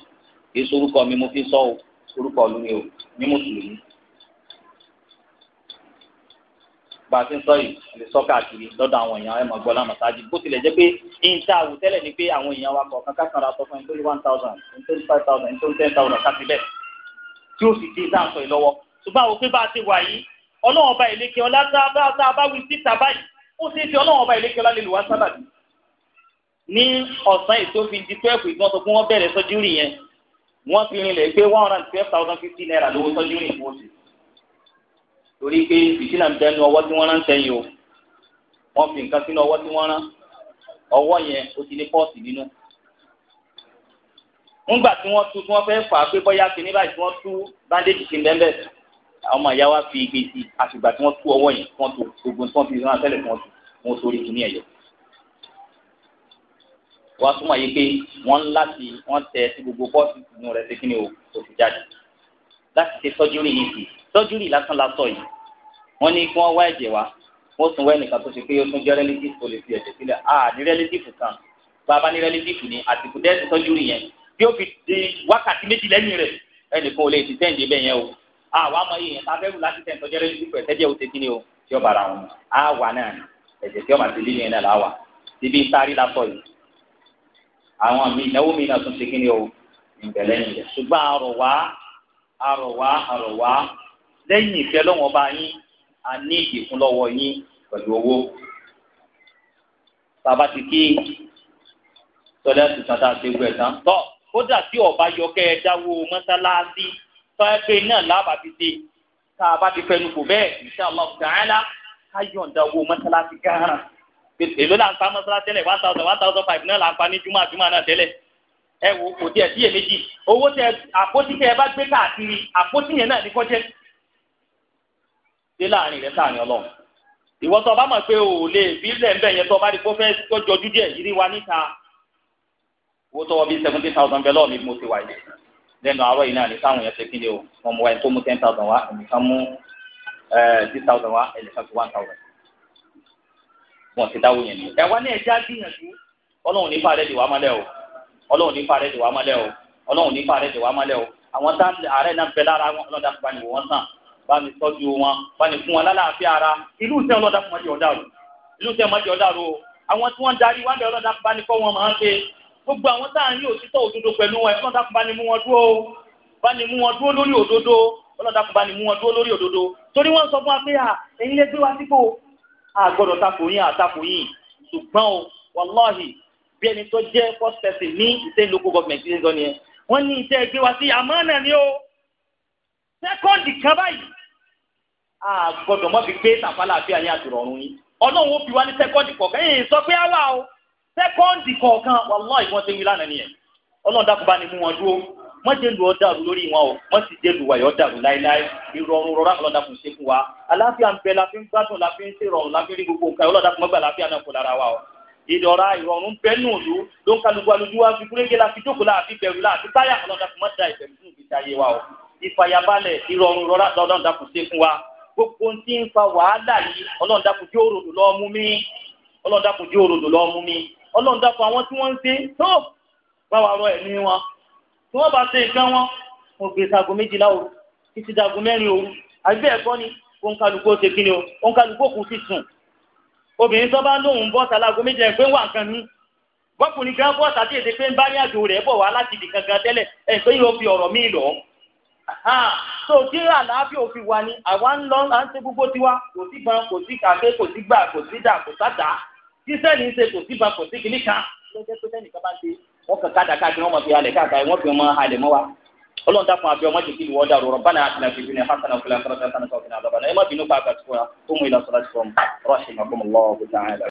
nípa tí ń sọ yìí lè sọ káàkiri lọ́dọ̀ àwọn èèyàn ẹ̀ mọ̀ gbọ́ láwọn sáájú bó tilẹ̀ jẹ́ pé ìyìn tá a wù tẹ́lẹ̀ ni pé àwọn èèyàn wa kọ̀ọ̀kan kákan ra sọ fún ẹni tó ní one thousand ẹni tó ní five thousand ẹni tó ní ten thousand káàkiri bẹ́ẹ̀ tí ó sì ti sáǹsọ̀ yìí lọ́wọ́ ṣùgbọ́n àwọn pé bá a ti wà yìí ọlọ́run ọba ìlékè ọlá tá a bá wí síta báyìí ó ṣe é ṣe ọlọ́run ọba ìlékè ọlá lè lù wá sábàbí ní ọ̀sán ìtòfin di twelve ìgbọ́n tó kún wọ́n bẹ̀rẹ̀ sọ́jú rì yẹn wọ́n fi rinlẹ̀ gbé one hundred and twelve thousand torí pé fìtínà ń bẹ nu ọwọ́ tí wọ́n rán sẹ́yìn o wọ́n fi nǹkan sínú ọwọ́ tí wọ́n rán ọwọ́ yẹn ó ti ní pọ́ọ̀sì nínú. nígbà tí wọ́n tú tí wọ́n fẹ́ fà á pé bọ́yá kìíní báyìí tí wọ́n tú bandage sí bẹ́ẹ̀ ọmọ ìyá wa fi igi sí àfìgbà tí wọ́n tú ọwọ́ yẹn wọ́n tú gbogbo tí wọ́n fi rán tẹ́lẹ̀ tí wọ́n tú wọ́n sórí kìíní ẹ̀yọ. wọ́n á túmọ̀ yìí pé wọ́n láti wọ́n tẹ sí gbogbo pọ́ọ̀sì o tó fi láti ṣe sọ́júrì yìí sí sọ́júrì lásán la sọ yìí wọ́n ní kí wọ́n wá ẹ̀jẹ̀ wa wọ́n tún wá ẹnìkan tó ṣe pé ó tún jẹ́ relative tó lè fi ẹ̀jẹ̀ sílẹ̀ à ní relative kan bàbá ní relative ni àtìkù dẹ́sẹ̀ sọ́júrì yẹn bí ó fi di wákàtí méjì lẹ́yìn rẹ̀ ẹnìkan ò lè ti tẹ́ǹdì bẹ́ẹ̀ yẹn o àwa mọ iye yẹn tá a fẹ́ wù láti tẹ̀ tọ́jú relative ẹ̀ la sọ yìí àwọn mi ìnáwó mi náà tún ṣe kí àrọ̀wá àrọ̀wá lẹ́yìn ìfẹ́ lọ́wọ́ bá yín a ní ìdìkún lọ́wọ́ yín pẹ̀lú owó. bàbá ti kí tọ́lá ti tàn tá a ṣe gbẹ̀ tán. tọ́ kódà tí ọba yọ kẹ́ ẹ dáwó mọ́sálásí tọ́ ẹ pé náà lábà ti dé tá a bá ti fẹnu kò bẹ́ẹ̀ insha Allah ta'ala ká yọ̀ǹda owó mọ́sálásí gánà. èló là ń pa mọ́sálásí tẹ́lẹ̀ one thousand one thousand five náà là ń pa ní júmọ̀ àjúmọ̀ náà tẹ́lẹ̀ ẹ wò kò tí ẹ díẹ̀ méjì owó tẹ àpótí tẹ ẹ bá gbé káàkiri àpótí yẹn náà ní kọjẹ dé láàrin rẹ sáàrin Ọlọ́run ìwọ tó o bá mọ̀ pé o lè fi ilẹ̀ ń bẹ̀ yẹn tó o bá di kó fẹ́ tó jọjú díẹ̀ yìí wá níta owó tó wọ́n bí seventy thousand bẹ́ẹ̀ lọ́ọ̀ mi mo ti wà yìí lẹ́nu àárọ̀ yìí náà ní táwọn yẹn ṣe kí ni o wọ́n mú ẹni tó mú ten thousand wá ẹnìkan mú six thousand wá ẹnìkan mú one thousand wọ́n ti dáwọ́ yẹn ni ẹ̀ wá ní ẹ̀já gbìyànjú Ọlọ́run nípa rẹ̀ lè wá mọ́lẹ̀ o ọlọ́run ní fàárẹ̀ tẹ̀ wá mọ́lẹ̀ o ọlọ́run ní fàárẹ̀ tẹ̀ wá mọ́lẹ̀ o àwọn tá ààrẹ náà bẹ lára wọn ọlọ́dà fún bani wọn sàn bá mi tọ́jú wọn bá mi fún wọn lálàáfíà ara ìlú sẹ́ ọlọ́dà fún mọ́jọ́ ọ̀dàrú ìlú sẹ́ mọ́jọ́ ọ̀dàrú o àwọn tí wọ́n darí wọn bẹ ọlọ́dà fún bani kọ́ wọn máa ń ṣe gbogbo àwọn tá à ń yí òtítọ́ òdodo pẹ̀lú wọn ọlọ́dà fún bani mú wọn dúró bani mú wọn dúró lórí òdodo ọlọ́dà fún bani mú wọn dúró lórí òdodo torí wọ́n sọ fún wa pé à ẹ̀yin lè gbé wa sípò àgbọ̀dọ̀ o wàláhì bí ẹni tó jẹ́ first person ní ìsẹ́yìn local government ti ń sọ nìyẹn wọ́n ní iṣẹ́ ẹgbẹ́ wa sí àmọ́ náà ni o sẹ́kọ́ndì kan báyìí a gbọ́dọ̀ mọ́ fi gbé tàfàlà àfi àyè àtúrọ̀ ọ̀run yìí ọlọ́run ó fi wá ní sẹ́kọ́ndì kọ̀ọ̀kan èyí sọ pé àwa o sẹ́kọ́ndì kọ̀ọ̀kan wàláhì wọ́n ti wí lánàá nìyẹn ọlọ́run dákun bá ní mú wọn dúró wọ́n jẹ́ lu ọ̀dàrú lórí wọn o wọ́n sì jẹ́ lu wàyọ̀ ọ̀dàrú láéláé ìrọ̀rùn rọra ọlọ́dàkùn ṣe fún wa aláfíà ń bẹ la fi ń gbádùn la fi ń ṣèrọ̀rùn la fi ń rí gbogbo nǹkan ọlọ́dàkùn mọ́gbà láfíà náà kò lára wa o ìdọ̀ra ìrọ̀rùn bẹ́nu òlu ló ń kálukú alójú wa fi kúrégé la fi jókòó láàfi bẹ̀rù láàfi táyà ọlọ́dà fún mọ́tà ìbẹ̀rù fún ìgbésí ayé wa o ìfàyàbalẹ̀ ìrọ̀rùn rọra lọ́dọ̀ dàkún sí fún wa gbogbo ń ti ń fa wàhálà yìí ọlọ́run dàkún tí ó ròdò lọ́ọ́ mú mi ọlọ́run dàkún tí ó ròdò lọ́ọ́ mú mi ọlọ́run dàkún àwọn tí wọ́n ń tó bá wa rọ ẹ̀mí tí wọ́n bá ṣe nǹkan wọn mo gbé sago méjìlá o títí dago o àbí bẹ́ẹ̀ kọ́ ni òǹkàlùkù ó ṣe o òǹkàlùkù òkú sì sùn obìnrin tó bá lóun bọ́ sálágó méjì ẹ̀ pé ń wà nǹkan ní bọ́kùnrin gan bọ́ èdè pé ń bá ní àjò rẹ̀ bọ̀ wá láti ibì kankan tẹ́lẹ̀ ẹ̀ pé fi ọ̀rọ̀ lọ. tó kí àlàáfíà àwa ń lọ à gbogbo tiwa kò sí kò sí kàfé kò sí gbà kò sí lọ́jọ́ pé ọlọ́run dákun àbí ọmọ jìkì ìwọ dàrú rabbana atina fid dunya hasanatan wa fil akhirati hasanatan wa qina adhaban nar ẹ má bínú pa àgbàtúwà tó mú ìlọsọlá ti fọm rahimahumullahu ta'ala.